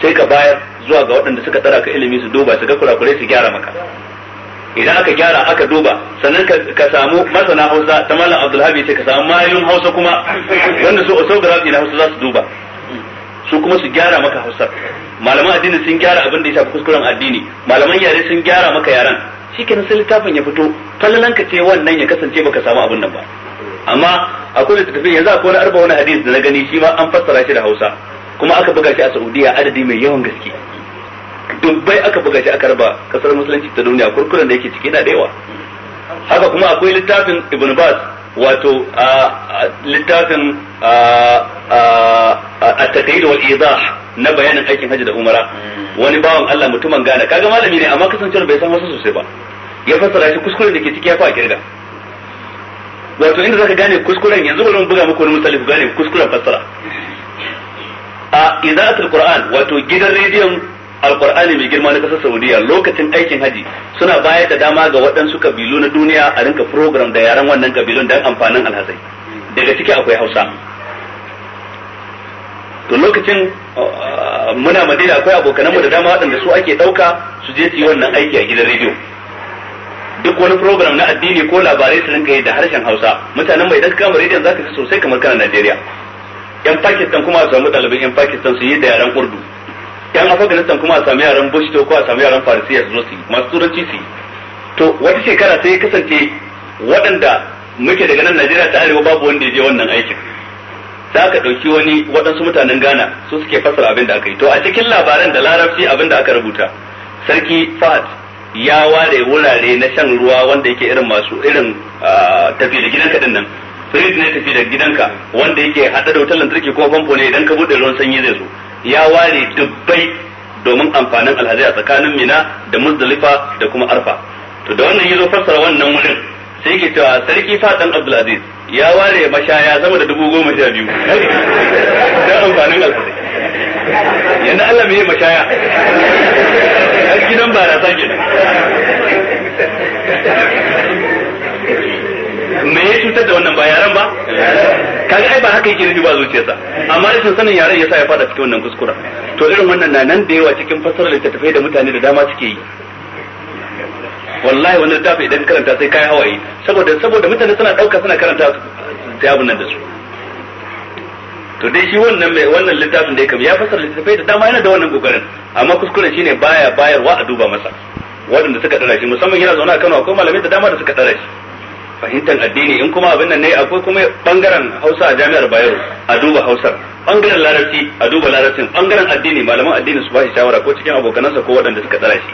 sai ka bayar zuwa ga waɗanda suka tsara ka ilimi su duba su ga kurakurai su gyara maka idan aka gyara aka duba sannan ka samu masana hausa ta malam abdulhabi sai ka samu mayun hausa kuma wanda su osografi na hausa za su duba su kuma su gyara maka hausar malaman addini sun gyara abin da ya shafi kuskuren addini malaman yare sun gyara maka yaran shikenan sai littafin ya fito fallalan ka ce wannan ya kasance baka samu abin nan ba amma akwai tafi yanzu akwai wani arba wani hadis da na gani shi ma an fassara shi da Hausa kuma aka buga shi a Saudiya adadi mai yawan gaske dubbai aka buga shi aka raba kasar musulunci ta duniya kurkuren da yake ciki na da yawa haka kuma akwai littafin Ibn Bas wato littafin at-taqyid wal za, na bayanin aikin hajji da umara hmm. wani bawan Allah mutumin gane kaga malami ne amma kasancewar bai san wasu sosai ba ya fassara shi kuskuren da ke ciki ya fa kirga wato inda zaka gane kuskuren yanzu bari mu buga muku wani misali ku gane kuskuren fassara a idaatul qur'an wato gidan rediyon alqur'ani mai girma na kasar saudiya lokacin aikin haji suna bayar da dama ga waɗansu kabilu na duniya a rinka program da yaran wannan kabilun don amfanin alhazai daga ciki akwai hausa to lokacin muna madina akwai abokanan mu da dama waɗanda su ake ɗauka su je su yi wannan aiki a gidan rediyo duk wani program na addini ko labarai su rinka yi da harshen hausa mutanen mai daska kama rediyon zaka ji sosai kamar kana najeriya yan pakistan kuma a samu dalibai yan pakistan su yi da yaren urdu yan afganistan kuma a sami yaren bushto ko a sami yaren Farsi su zo su yi masu turanci su yi to wata shekara sai ya kasance waɗanda muke daga nan najeriya ta arewa babu wanda ya je wannan aikin za ka ɗauki wani waɗansu mutanen Ghana su suke fassara abin da aka yi to a cikin labaran da larabci abin da aka rubuta sarki Fahad ya ware wurare na shan ruwa wanda yake irin masu irin tafi da gidanka din nan firij ne tafi da gidanka wanda yake hada da wutar lantarki ko famfo ne idan ka bude ruwan sanyi zai zo ya ware dubbai domin amfanin alhazai a tsakanin mina da muzdalifa da kuma arfa to da wannan yazo fassara wannan wurin sai ke cewa sarki fadan abdulaziz ya ware mashaya sama da dubu goma sha biyu da amfanin alfasai yanda allah mai mashaya har gidan ba na sake me ya cutar da wannan ba yaran ba kaga ai ba haka yake nufi ba zuciyarsa amma rashin sanin yaran yasa ya fada cikin wannan kuskura to irin wannan na nan da yawa cikin fasarar littattafai da mutane da dama suke yi wallahi wannan littafi idan karanta sai kai hawaye saboda saboda mutane suna dauka suna karanta sai abun nan da su to dai shi wannan mai wannan littafin da yake ya fasara littafai da dama yana da wannan gogarin amma kuskure shine baya bayarwa a duba masa waɗanda suka dara shi musamman yana zaune a Kano akwai malamai da dama da suka dara shi fahimtar addini in kuma abin nan ne akwai kuma bangaren Hausa a jami'ar Bayero a duba Hausar bangaren Larabci a duba Larabcin bangaren addini malaman addini su ba shi shawara ko cikin abokanansa ko waɗanda suka dara shi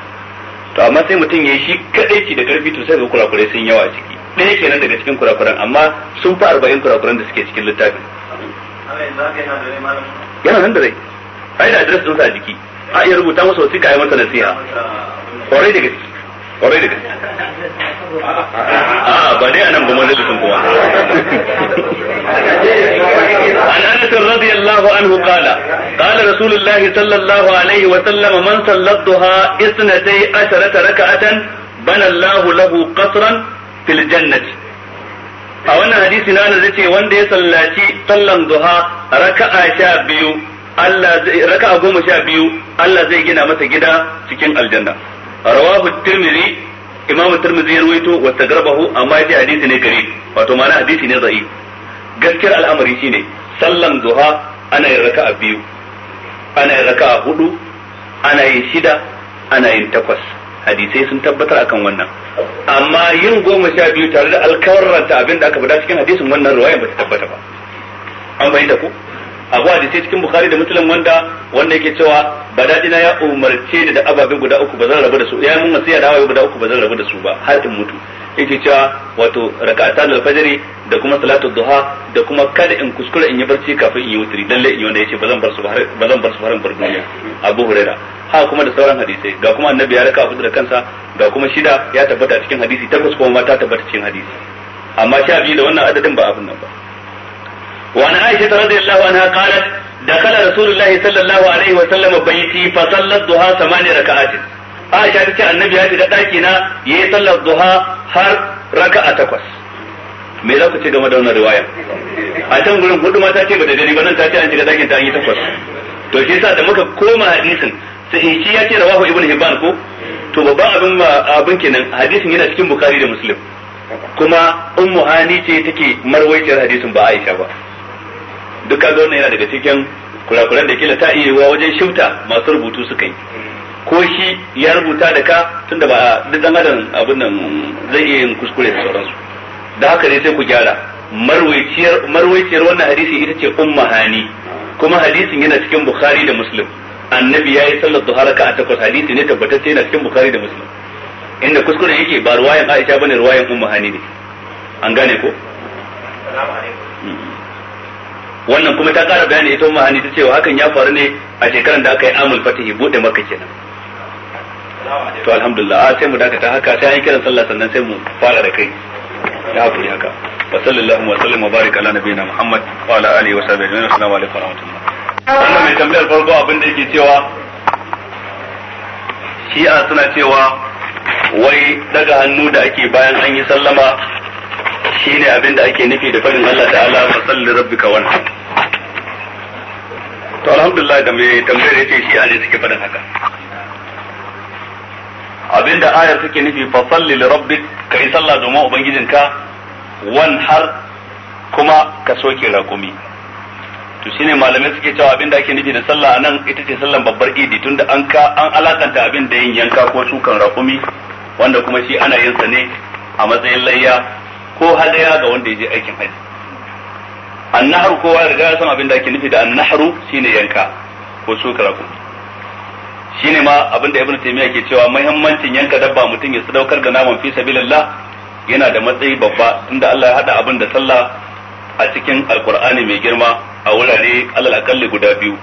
to amma sai mutum yi shi kaɗai ci da karfi to sai ga kurakurai sun yawa ciki ɗaya kenan daga cikin kurakuran amma sun fi arba'in kurakuran da suke cikin littafin yana nan da rai yi da adres ɗinsa a jiki a iya rubuta masa k'a yi masa nasiha kwarai da gaske kwarai da gaske a ba dai anan da majalisin kuma an anas radiyallahu anhu qala qala rasulullah sallallahu alaihi wa sallam man sallatha isnatay asharata rak'atan bana allah lahu qasran fil jannati a wannan hadisi na da ce wanda ya sallaci sallan duha raka'a sha biyu Allah raka'a goma sha biyu Allah zai gina masa gida cikin aljanna rawahu tirmidhi imam tirmidhi ya rawaito amma hadisi ne gari wato hadisi ne gaskiyar al'amari shine sallan zuha ana yin a biyu ana yin a hudu ana yin shida ana yin takwas hadisai sun tabbatar akan wannan amma yin goma sha biyu tare da alkawarranta abin da aka faɗa cikin hadisin wannan ruwayan ba ta tabbata ba an bayyana ko a dace cikin bukhari da muslim wanda wanda yake cewa badadina ya umarce da ababe guda uku ba zan rabu da su ya mun nasiya da ababe guda uku ba zan rabu da su ba har in mutu yake cewa wato raka'atan al-fajr da kuma salatu duha da kuma kada in kuskura in yi barci kafin in yi wutri lalle in yi wanda yace ce bar su har bar su har bar duniya Abu hurera ha kuma da sauran hadisai ga kuma annabi ya raka abu da kansa ga kuma shida ya tabbata cikin hadisi takwas kuma ma ta tabbata cikin hadisi amma sha biyu da wannan adadin ba abin nan ba وعن عائشة رضي الله عنها قالت دخل رسول الله صلى الله عليه وسلم بيتي فصلى الضحى ثمان ركعات عائشة تتي النبي هاتي دقائكنا يصلى الضحى هر ركعة تقص me za ku ce game da wannan riwaya a can gurin hudu mata ce ba da ba nan ta ce an shiga dakin ta an yi takwas to shi yasa da muka koma hadisin sai shi ya ce rawahu ibnu hibban ko to babban abin abin kenan hadisin yana cikin bukhari da muslim kuma ummu hani ce take marwaitar hadisin ba aisha ba duk ka wannan yana daga cikin kurakuran da kila ta iya wa wajen shifta masu rubutu suka yi ko shi ya rubuta da ka tunda ba duk dan adam abin nan zai iya yin kuskure da sauransu da haka ne sai ku gyara marwayciyar marwayciyar wannan hadisi ita ce umma hani kuma hadisin yana cikin bukhari da muslim annabi yayi sallar duha raka'a takwas hadisi ne tabbatacce yana cikin bukhari da muslim inda kuskure yake ba ruwayan aisha bane ruwayan umma hani ne an gane ko assalamu alaikum wannan kuma ta kara bayani ita umma hani ta cewa hakan ya faru ne a shekaran da aka yi amul fatihi bude makka kenan to alhamdulillah sai mu dakata haka sai an kira sallah sannan sai mu fara da kai ya hakuri haka wa sallallahu wa sallam wa baraka ala nabiyina muhammad wa ala alihi wa sahbihi ajma'in assalamu alaikum wa rahmatullah wannan mai tambayar farko abin da yake cewa shi a suna cewa wai daga hannu da ake bayan an yi sallama shine abin da ake nufi da farin Allah ta'ala fasalli rabbika wannan to alhamdulillah da mai tambayar yace shi ne suke faɗin haka abinda ayar take nufi fa salli li rabbik kai sallah domin ubangijinka wan har kuma ka soke rakumi to shine malamai suke cewa abinda ake nufi da sallah anan ita ce sallan babbar idi tunda an ka an alakanta abin da yin yanka ko sukan rakumi wanda kuma shi ana yin sa ne a matsayin layya ko hadaya ga wanda ya je aikin haji annahar kowa ya riga ya san abin da ake nufi da annaharu shine yanka ko sukara ku shine ma abin da ibnu taymiya ke cewa muhimmancin yanka dabba mutum ya sadaukar da naman fi sabilillah yana da matsayi babba tunda Allah ya hada abin da sallah a cikin alqur'ani mai girma a wurare alal akalli guda biyu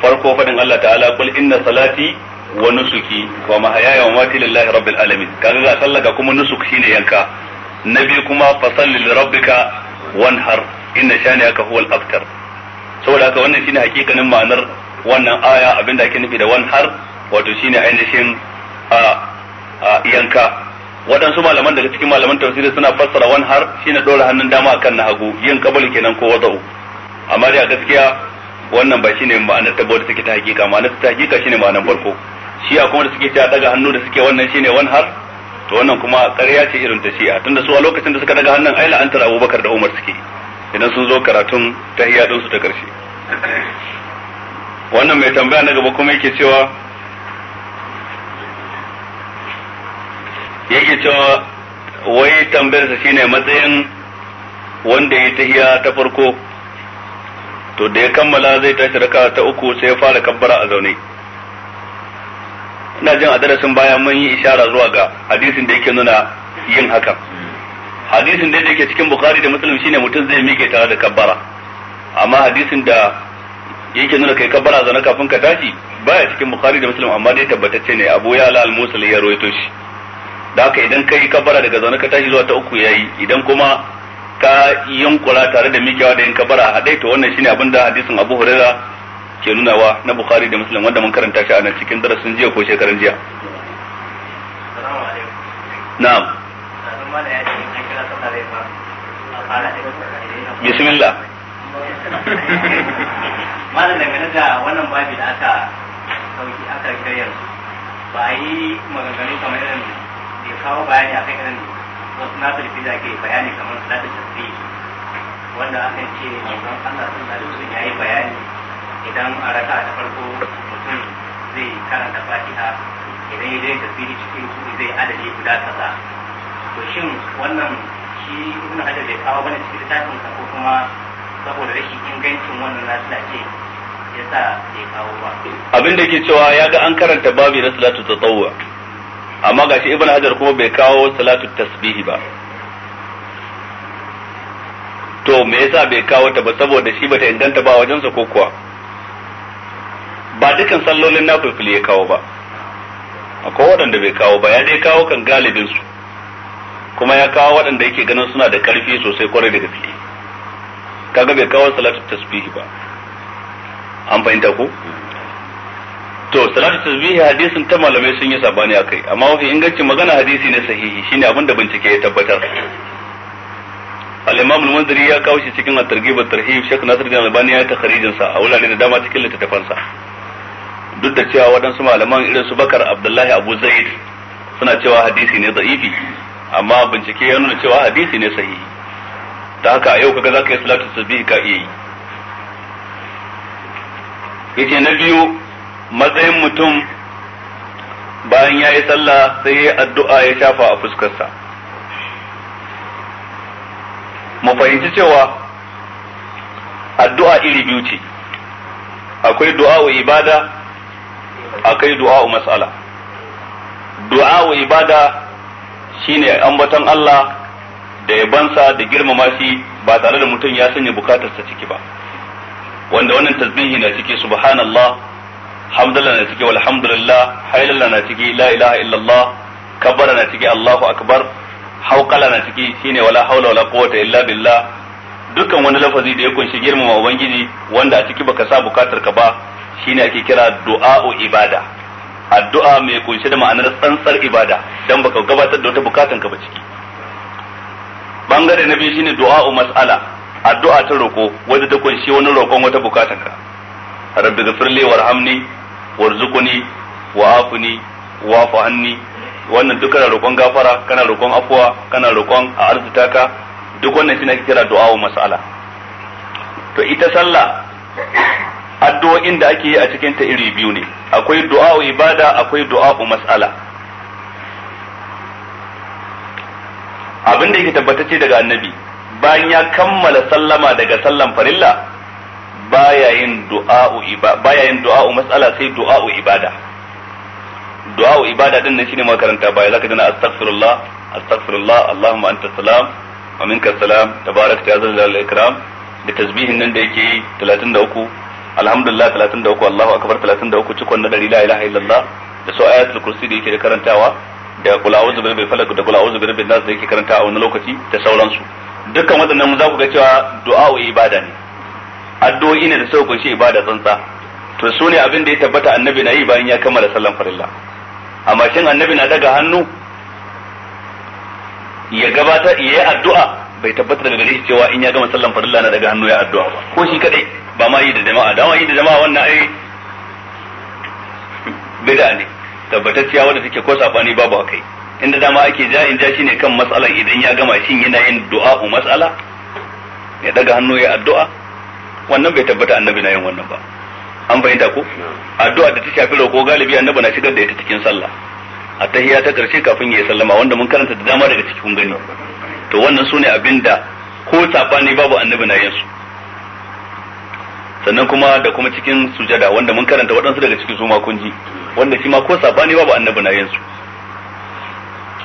farko fadin Allah ta'ala kul inna salati wa nusuki wa mahayaya wa mati lillahi rabbil alamin kaga ga sallah ga kuma nusuki shine yanka na biyu kuma fasalli li wanhar inna shani'aka huwal abtar saboda haka wannan shine hakikanin ma'anar wannan aya abinda ake nufi da wan har wato shine ainihin a yanka waɗansu malaman daga cikin malaman tafsiri suna fassara wan har shine dora hannun dama akan na hagu yin kabul kenan ko wazau amma dai a gaskiya wannan ba shine ma'anar ta bauta take ta hakika ma'anar ta hakika shine ma'anar farko shi a kuma da suke ta daga hannu da suke wannan shine wan har to wannan kuma ƙarya ce irin ta shi'a tunda su a lokacin da suka daga hannun an la'antar Abubakar da Umar suke idan sun zo karatun tahiya din su ta karshe wannan mai tambaya na gaba kuma yake cewa yake cewa wai tambayarsa shine matsayin wanda ya tahiya ta farko to da ya kammala zai tashi raka ta uku sai ya fara kabbara a zaune ina jin a darasin bayan mun yi ishara zuwa ga hadisin da yake nuna yin hakan hadisin da yake cikin bukhari da muslim shine mutum zai mike tare da kabbara amma hadisin da yake nuna kai kabbara zana kafin ka tashi baya cikin bukhari da muslim amma dai tabbatacce ne abu ya ala al-musul ya rawaito shi da haka idan kai kabbara daga zaune ka tashi zuwa ta uku yayi idan kuma ka yankura tare da mikewa da yin kabbara dai to wannan shine abinda hadisin abu huraira ke nunawa na bukhari da muslim wanda mun karanta shi a nan cikin darasin jiya ko shekaran jiya na'am bismillah malam dangane da wannan babi da aka sauki aka gayar ba a yi maganganu kamar irin da kawo bayani a kan irin wasu na sulfi da ke bayani kamar lati tasbih wanda aka ce manzon Allah sallallahu alaihi ya yayi bayani idan a raka ta farko mutum zai karanta Fatiha idan ya zai tasbihi cikin zai adadi guda kaza to shin wannan shi ibn hajar bai kawo bane cikin littafin ko kuma saboda rashin ingancin wannan nasila ce yasa bai kawo ba abin da ke cewa ya ga an karanta babu na salatu tatawwa amma gashi ibn hajar kuma bai kawo salatu tasbihi ba to me yasa bai kawo ta ba saboda shi bata inganta ba wajensa ko kuwa ba dukan sallolin na ya kawo ba akwai waɗanda bai kawo ba ya dai kawo kan galibinsu. su kuma ya kawo waɗanda yake ganin suna da ƙarfi sosai kwarai da gaske kaga bai kawo salatu tasbihi ba an fahimta ko to salatu tasbihi hadisin ta malamai sun yi sabani akai amma wafi inganci magana hadisi ne sahihi shine abin da bincike ya tabbatar al-imam al-munziri ya kawo shi cikin at-targhib at-tarhib shek nasiruddin albani ya takharijin sa a wurare da dama cikin littattafan sa duk da cewa waɗansu malaman irin su bakar abdullahi abu zaid suna cewa hadisi ne da'ifi amma bincike ya nuna cewa hadisi ne sahihi ta haka a yau kaga zaka yi salatu tasbih ka iya yi yace na biyu matsayin mutum bayan ya yi sallah sai ya addu'a ya shafa a fuskarsa mu fahimci cewa addu'a iri biyu ce akwai du'a wa ibada akwai du'a wa mas'ala du'a wa ibada shine ambaton Allah da ya bansa da girmama shi ba tare da mutum ya sanya bukatarsa ciki ba wanda wannan tasbihi na ciki subhanallah hamdallah na ciki walhamdulillah haylalla na ciki la ilaha illallah kabbara na ciki allahu akbar hauqala na ciki shine wala haula wala quwwata illa billah dukkan wani lafazi da ya kunshi girmama ubangiji wanda a ciki ka sa bukatar ka ba shine ake kira du'a'u ibada addu'a mai kunshe da ma'anar tsantsar ibada dan baka gabatar da wata bukatan ka ba ciki bangare na biyu shine du'a'u mas'ala addu'a ta roko wanda ta kunshi wani roƙon wata bukatan ka rabbi ghfirli warhamni warzuqni wa'afni wa'fu anni wannan duk kana roƙon gafara kana roƙon afuwa kana roƙon a arzutaka duk wannan shine ake kira du'a'u mas'ala to ita sallah addu'o'in da ake yi a cikin ta iri biyu ne akwai du'a'u ibada akwai du'a'u mas'ala abin da yake tabbatacce daga annabi bayan ya kammala sallama daga sallan farilla baya yin du'a'u ibada baya yin du'a'u mas'ala sai du'a'u ibada du'a'u ibada din nan shine makaranta baya zaka dana astaghfirullah astaghfirullah allahumma anta salam wa minka salam tabarakta ya zalal ikram da tasbihin nan da yake 33 alhamdulillah uku Allahu akbar uku cikon na dari la ilaha illallah da so ayatul kursi da yake da karantawa da kul a'udhu rabbil falaq da kul a'udhu rabbin nas da yake karantawa a wani lokaci da sauransu dukkan waɗannan za ku ga cewa du'a ibada ne addu'o'i ne da suka kunshi ibada tsantsa to su ne abin da ya tabbata annabi na yi bayan ya kammala sallan farilla amma shin annabi na daga hannu ya gabata ya yi addu'a bai tabbata daga gare shi cewa in ya gama sallan farilla na daga hannu ya addu'a ba ko shi kadai ba ma yi da jama'a dama yi da jama'a wannan ai bid'a ne tabbatacciya wanda take ko sabani babu akai inda dama ake ja in ja shine kan matsalar idan ya gama shin yana yin du'a u matsala ya daga hannu ya addu'a wannan bai tabbata annabi na yin wannan ba an fahimta ko addu'a da ta shafi roƙo galibi annabi na shigar da ita cikin sallah a tahiyya ta karshe kafin ya sallama wanda mun karanta da dama daga cikin gani to wannan su abin abinda ko sabani babu annabi na yin su sannan kuma da kuma cikin sujada wanda mun karanta waɗansu daga cikin su ma ji wanda shi ma ko sabani babu annabi na yin su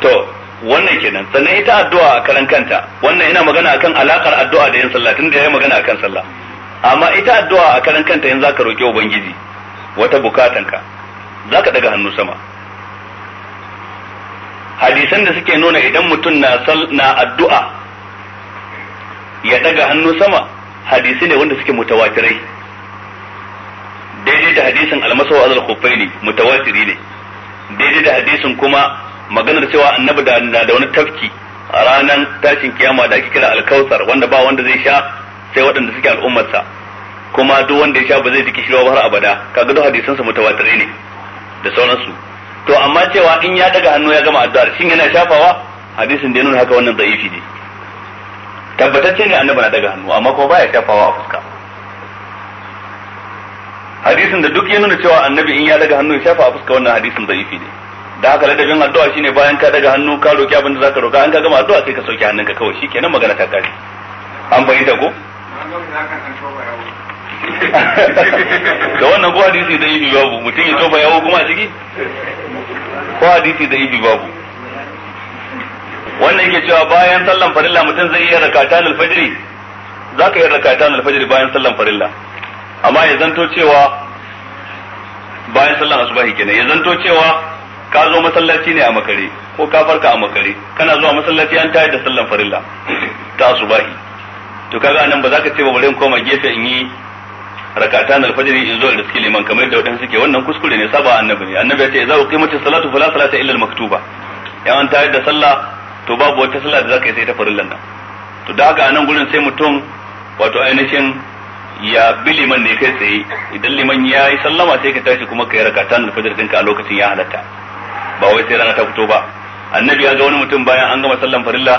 to wannan kenan sannan ita addu'a a karan kanta wannan ina magana akan alakar addu'a da yin sallah tunda yayi magana akan sallah amma ita addu'a a karan kanta yanzu zaka roki ubangiji wata bukatanka zaka daga hannu sama hadisan da suke nuna idan mutum na na addu'a ya daga hannu sama hadisi ne wanda suke mutawatirai daidai da hadisin almasawa azal khuffaini mutawatiri ne daidai da hadisin kuma maganar cewa annabi da na da wani tafki a ranar tashin kiyama da ake kira alkausar wanda ba wanda zai sha sai waɗanda suke al'ummarsa kuma duk wanda ya sha ba zai ji kishirwa har abada kaga duk hadisansa mutawatirai ne da sauransu to amma cewa in ya daga hannu ya gama addu'ar shin yana shafawa hadisin da ya nuna haka wannan da'ifi ne tabbatacce ne annabi na daga hannu amma kuma baya shafawa a fuska hadisin da duk ya nuna cewa annabi in ya daga hannu ya shafa a fuska wannan hadisin da'ifi ne da haka ladabin addu'a shine bayan ka daga hannu ka roki abin da zaka roka an ka gama addu'a sai ka sauke hannunka kawai shikenan magana ta kare an fahimta ko da wannan ko hadisi da yi babu mutum ya tofa yawo kuma a ciki ko hadisi da ibi babu wannan yake cewa bayan sallan farilla mutum zai iya rakatan alfajiri za ka rakatan alfajiri bayan sallan farilla amma ya zanto cewa bayan sallan asubahi kenan ya zanto cewa ka zo masallaci ne a makare ko ka farka a makare kana zuwa masallaci an tayar da sallan farilla ta asubahi to kaga nan ba za ka ce ba bare in koma gefe in yi rakatan alfajr in zo da suke liman kamar da wadansu suke wannan kuskure ne saba annabi ne annabi ya ce za ku as-salatu fala salata illa al-maktuba ya an tayar da sallah to babu wata sallah da zaka yi sai ta farillan nan to da haka anan gurin sai mutum wato ainihin ya bi liman ne kai tsaye idan liman ya yi sallama sai ka tashi kuma ka yi rakatan alfajr dinka a lokacin ya halatta ba wai sai rana ta fito ba annabi ya ga wani mutum bayan an gama sallan farilla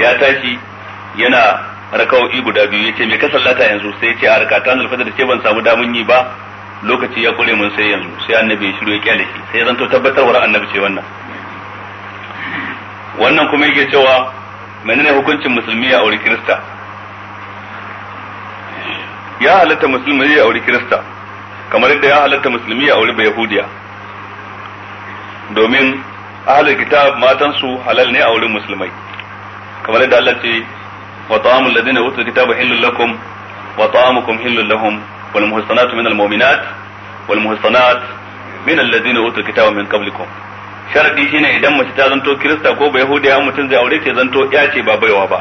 ya tashi yana rakawo'i guda biyu yace me ka sallata yanzu sai yace a rakatan alfajr ce ban samu damun yi ba lokaci ya kure mun sai yanzu sai annabi ya shiru ya kyale shi sai zanto wa annabi ce wannan wannan kuma yake cewa menene hukuncin musulmi ya auri kirista ya halatta musulmi ya auri kirista kamar yadda ya halatta musulmi ya auri bayahudiya domin ahlul kitab su halal ne a wurin musulmai kamar yadda Allah ce wa ta'amul ladina utul kitaba hillul lakum wa ta'amukum hillul lahum wal muhsanatu minal mu'minat wal muhsanat minal ladina utul kitaba min qablikum sharadi shine idan mace ta zanto kirista ko bai yahudiya mutum zai aure ce zanto ya ce ba baiwa ba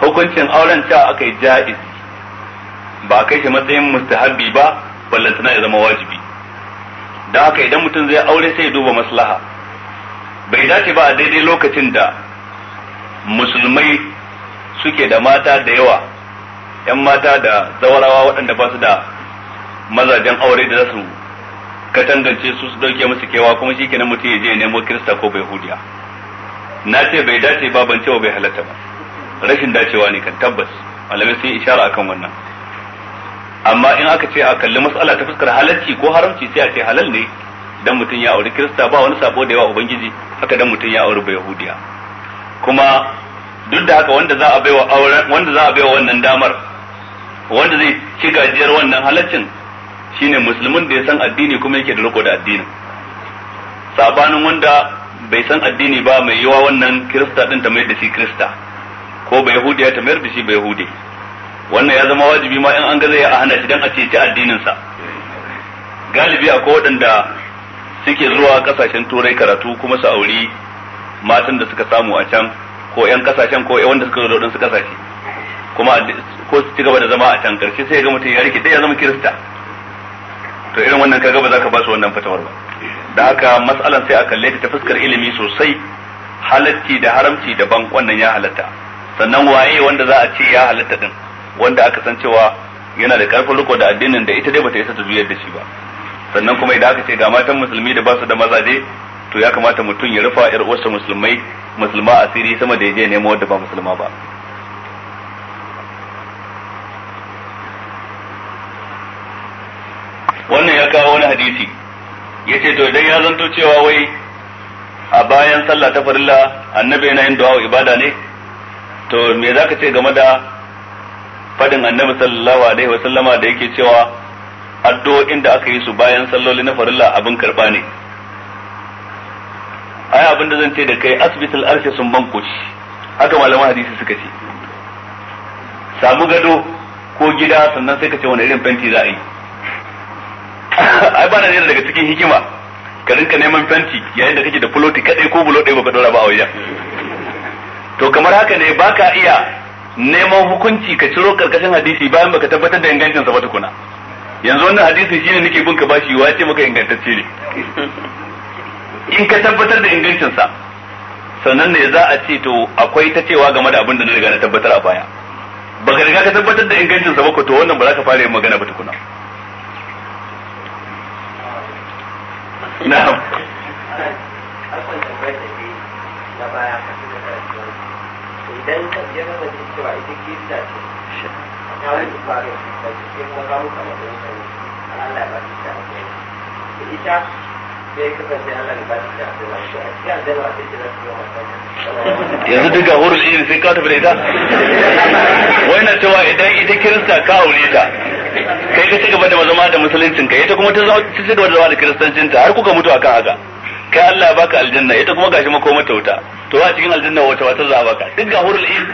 hukuncin auren ta aka yi ja'iz ba kai shi matsayin mustahabbi ba ballantana ya zama wajibi da haka idan mutum zai aure sai ya duba maslaha bai dace ba a daidai lokacin da musulmai suke da mata da yawa yan mata da zawarawa waɗanda ba su da mazajen aure da za su katangance su su dauke musu kewa kuma shi kenan mutum ya je nemo kirista ko bai hudiya na ce bai dace ba ban cewa bai halatta ba rashin dacewa ne kan tabbas malamai sun yi ishara akan wannan amma in aka ce a kalli matsala ta fuskar halarci ko haramci sai a ce halal ne dan mutum ya auri kirista ba wani sabo da yawa ubangiji haka dan mutum ya auri bai hudiya kuma duk da haka wanda za a baiwa auren wanda za a baiwa wannan damar wanda zai ci gajiyar wannan halaccin shine musulmin da ya san addini kuma yake da riko da addinin sabanin wanda bai san addini ba mai yiwa wannan kirista din ta mai da shi kirista ko bai yahudiya ta mayar da shi bai yahudi wannan ya zama wajibi ma in an zai a hana shi dan a ce ta addinin sa galibi ko waɗanda suke zuwa kasashen turai karatu kuma su auri matan da suka samu a can ko yan kasashen ko wanda suka zo da wadansu kasashe kuma ko su ci gaba da zama a can karshe sai ga mutum ya rike ya zama kirista to irin wannan kaga ba za ka ba su wannan fatawar ba da haka mas'alan sai a kalle ta fuskar ilimi sosai halatti da haramci daban wannan ya halatta sannan waye wanda za a ce ya halatta din wanda aka san cewa yana da karfin riko da addinin da ita dai bata isa ta juyar da shi ba sannan kuma idan aka ce ga matan musulmi da ba su da mazaje to ya kamata mutum ya rufa yar uwarsa musulmai musulma asiri sama da yaje nemo wanda ba musulma ba wannan ya kawo wani hadisi yace to idan ya zanto cewa wai a bayan sallah ta farilla annabi yana yin du'a ibada ne to me zaka ce game da fadin annabi sallallahu alaihi wa da yake cewa addu'o'in da aka yi su bayan salloli na farilla abin karba ne ai abin da zan ce da kai asibitul arshi sun banko shi haka malaman hadisi suka ce samu gado ko gida sannan sai ka ce wani irin fenti za a yi ai ba na ne daga cikin hikima ka rinka neman fenti yayin da kake da fuloti kadai ko bulo ɗaya ka dora ba a wajen to kamar haka ne ba ka iya neman hukunci ka ciro karkashin hadisi bayan baka tabbatar da ingancinsa ba tukuna yanzu wannan hadisi shine nake bin ka bashi wa ce maka ingantacce ne in ka tabbatar da ingancinsa sannan ne za a ce to akwai ta cewa game da abin da na riga na tabbatar a baya ba ka riga ka tabbatar da ingancinsa ba ko to wannan ba za ka fara yin magana ba tukuna na'am idan ka biyar da cewa ita kirista ce ta wani ta ita yanzu duk ga huru shi sai ka tafi da ita wai na cewa idan ita kirista ka aure ta kai ka cigaba da zama da musuluncin ka ita kuma ta zama ta cigaba da zama da kiristancin ta har kuka mutu kan haka kai Allah ya baka aljanna ita kuma gashi makoma ta wuta to a cikin aljanna wata wata za a baka duk ga wurin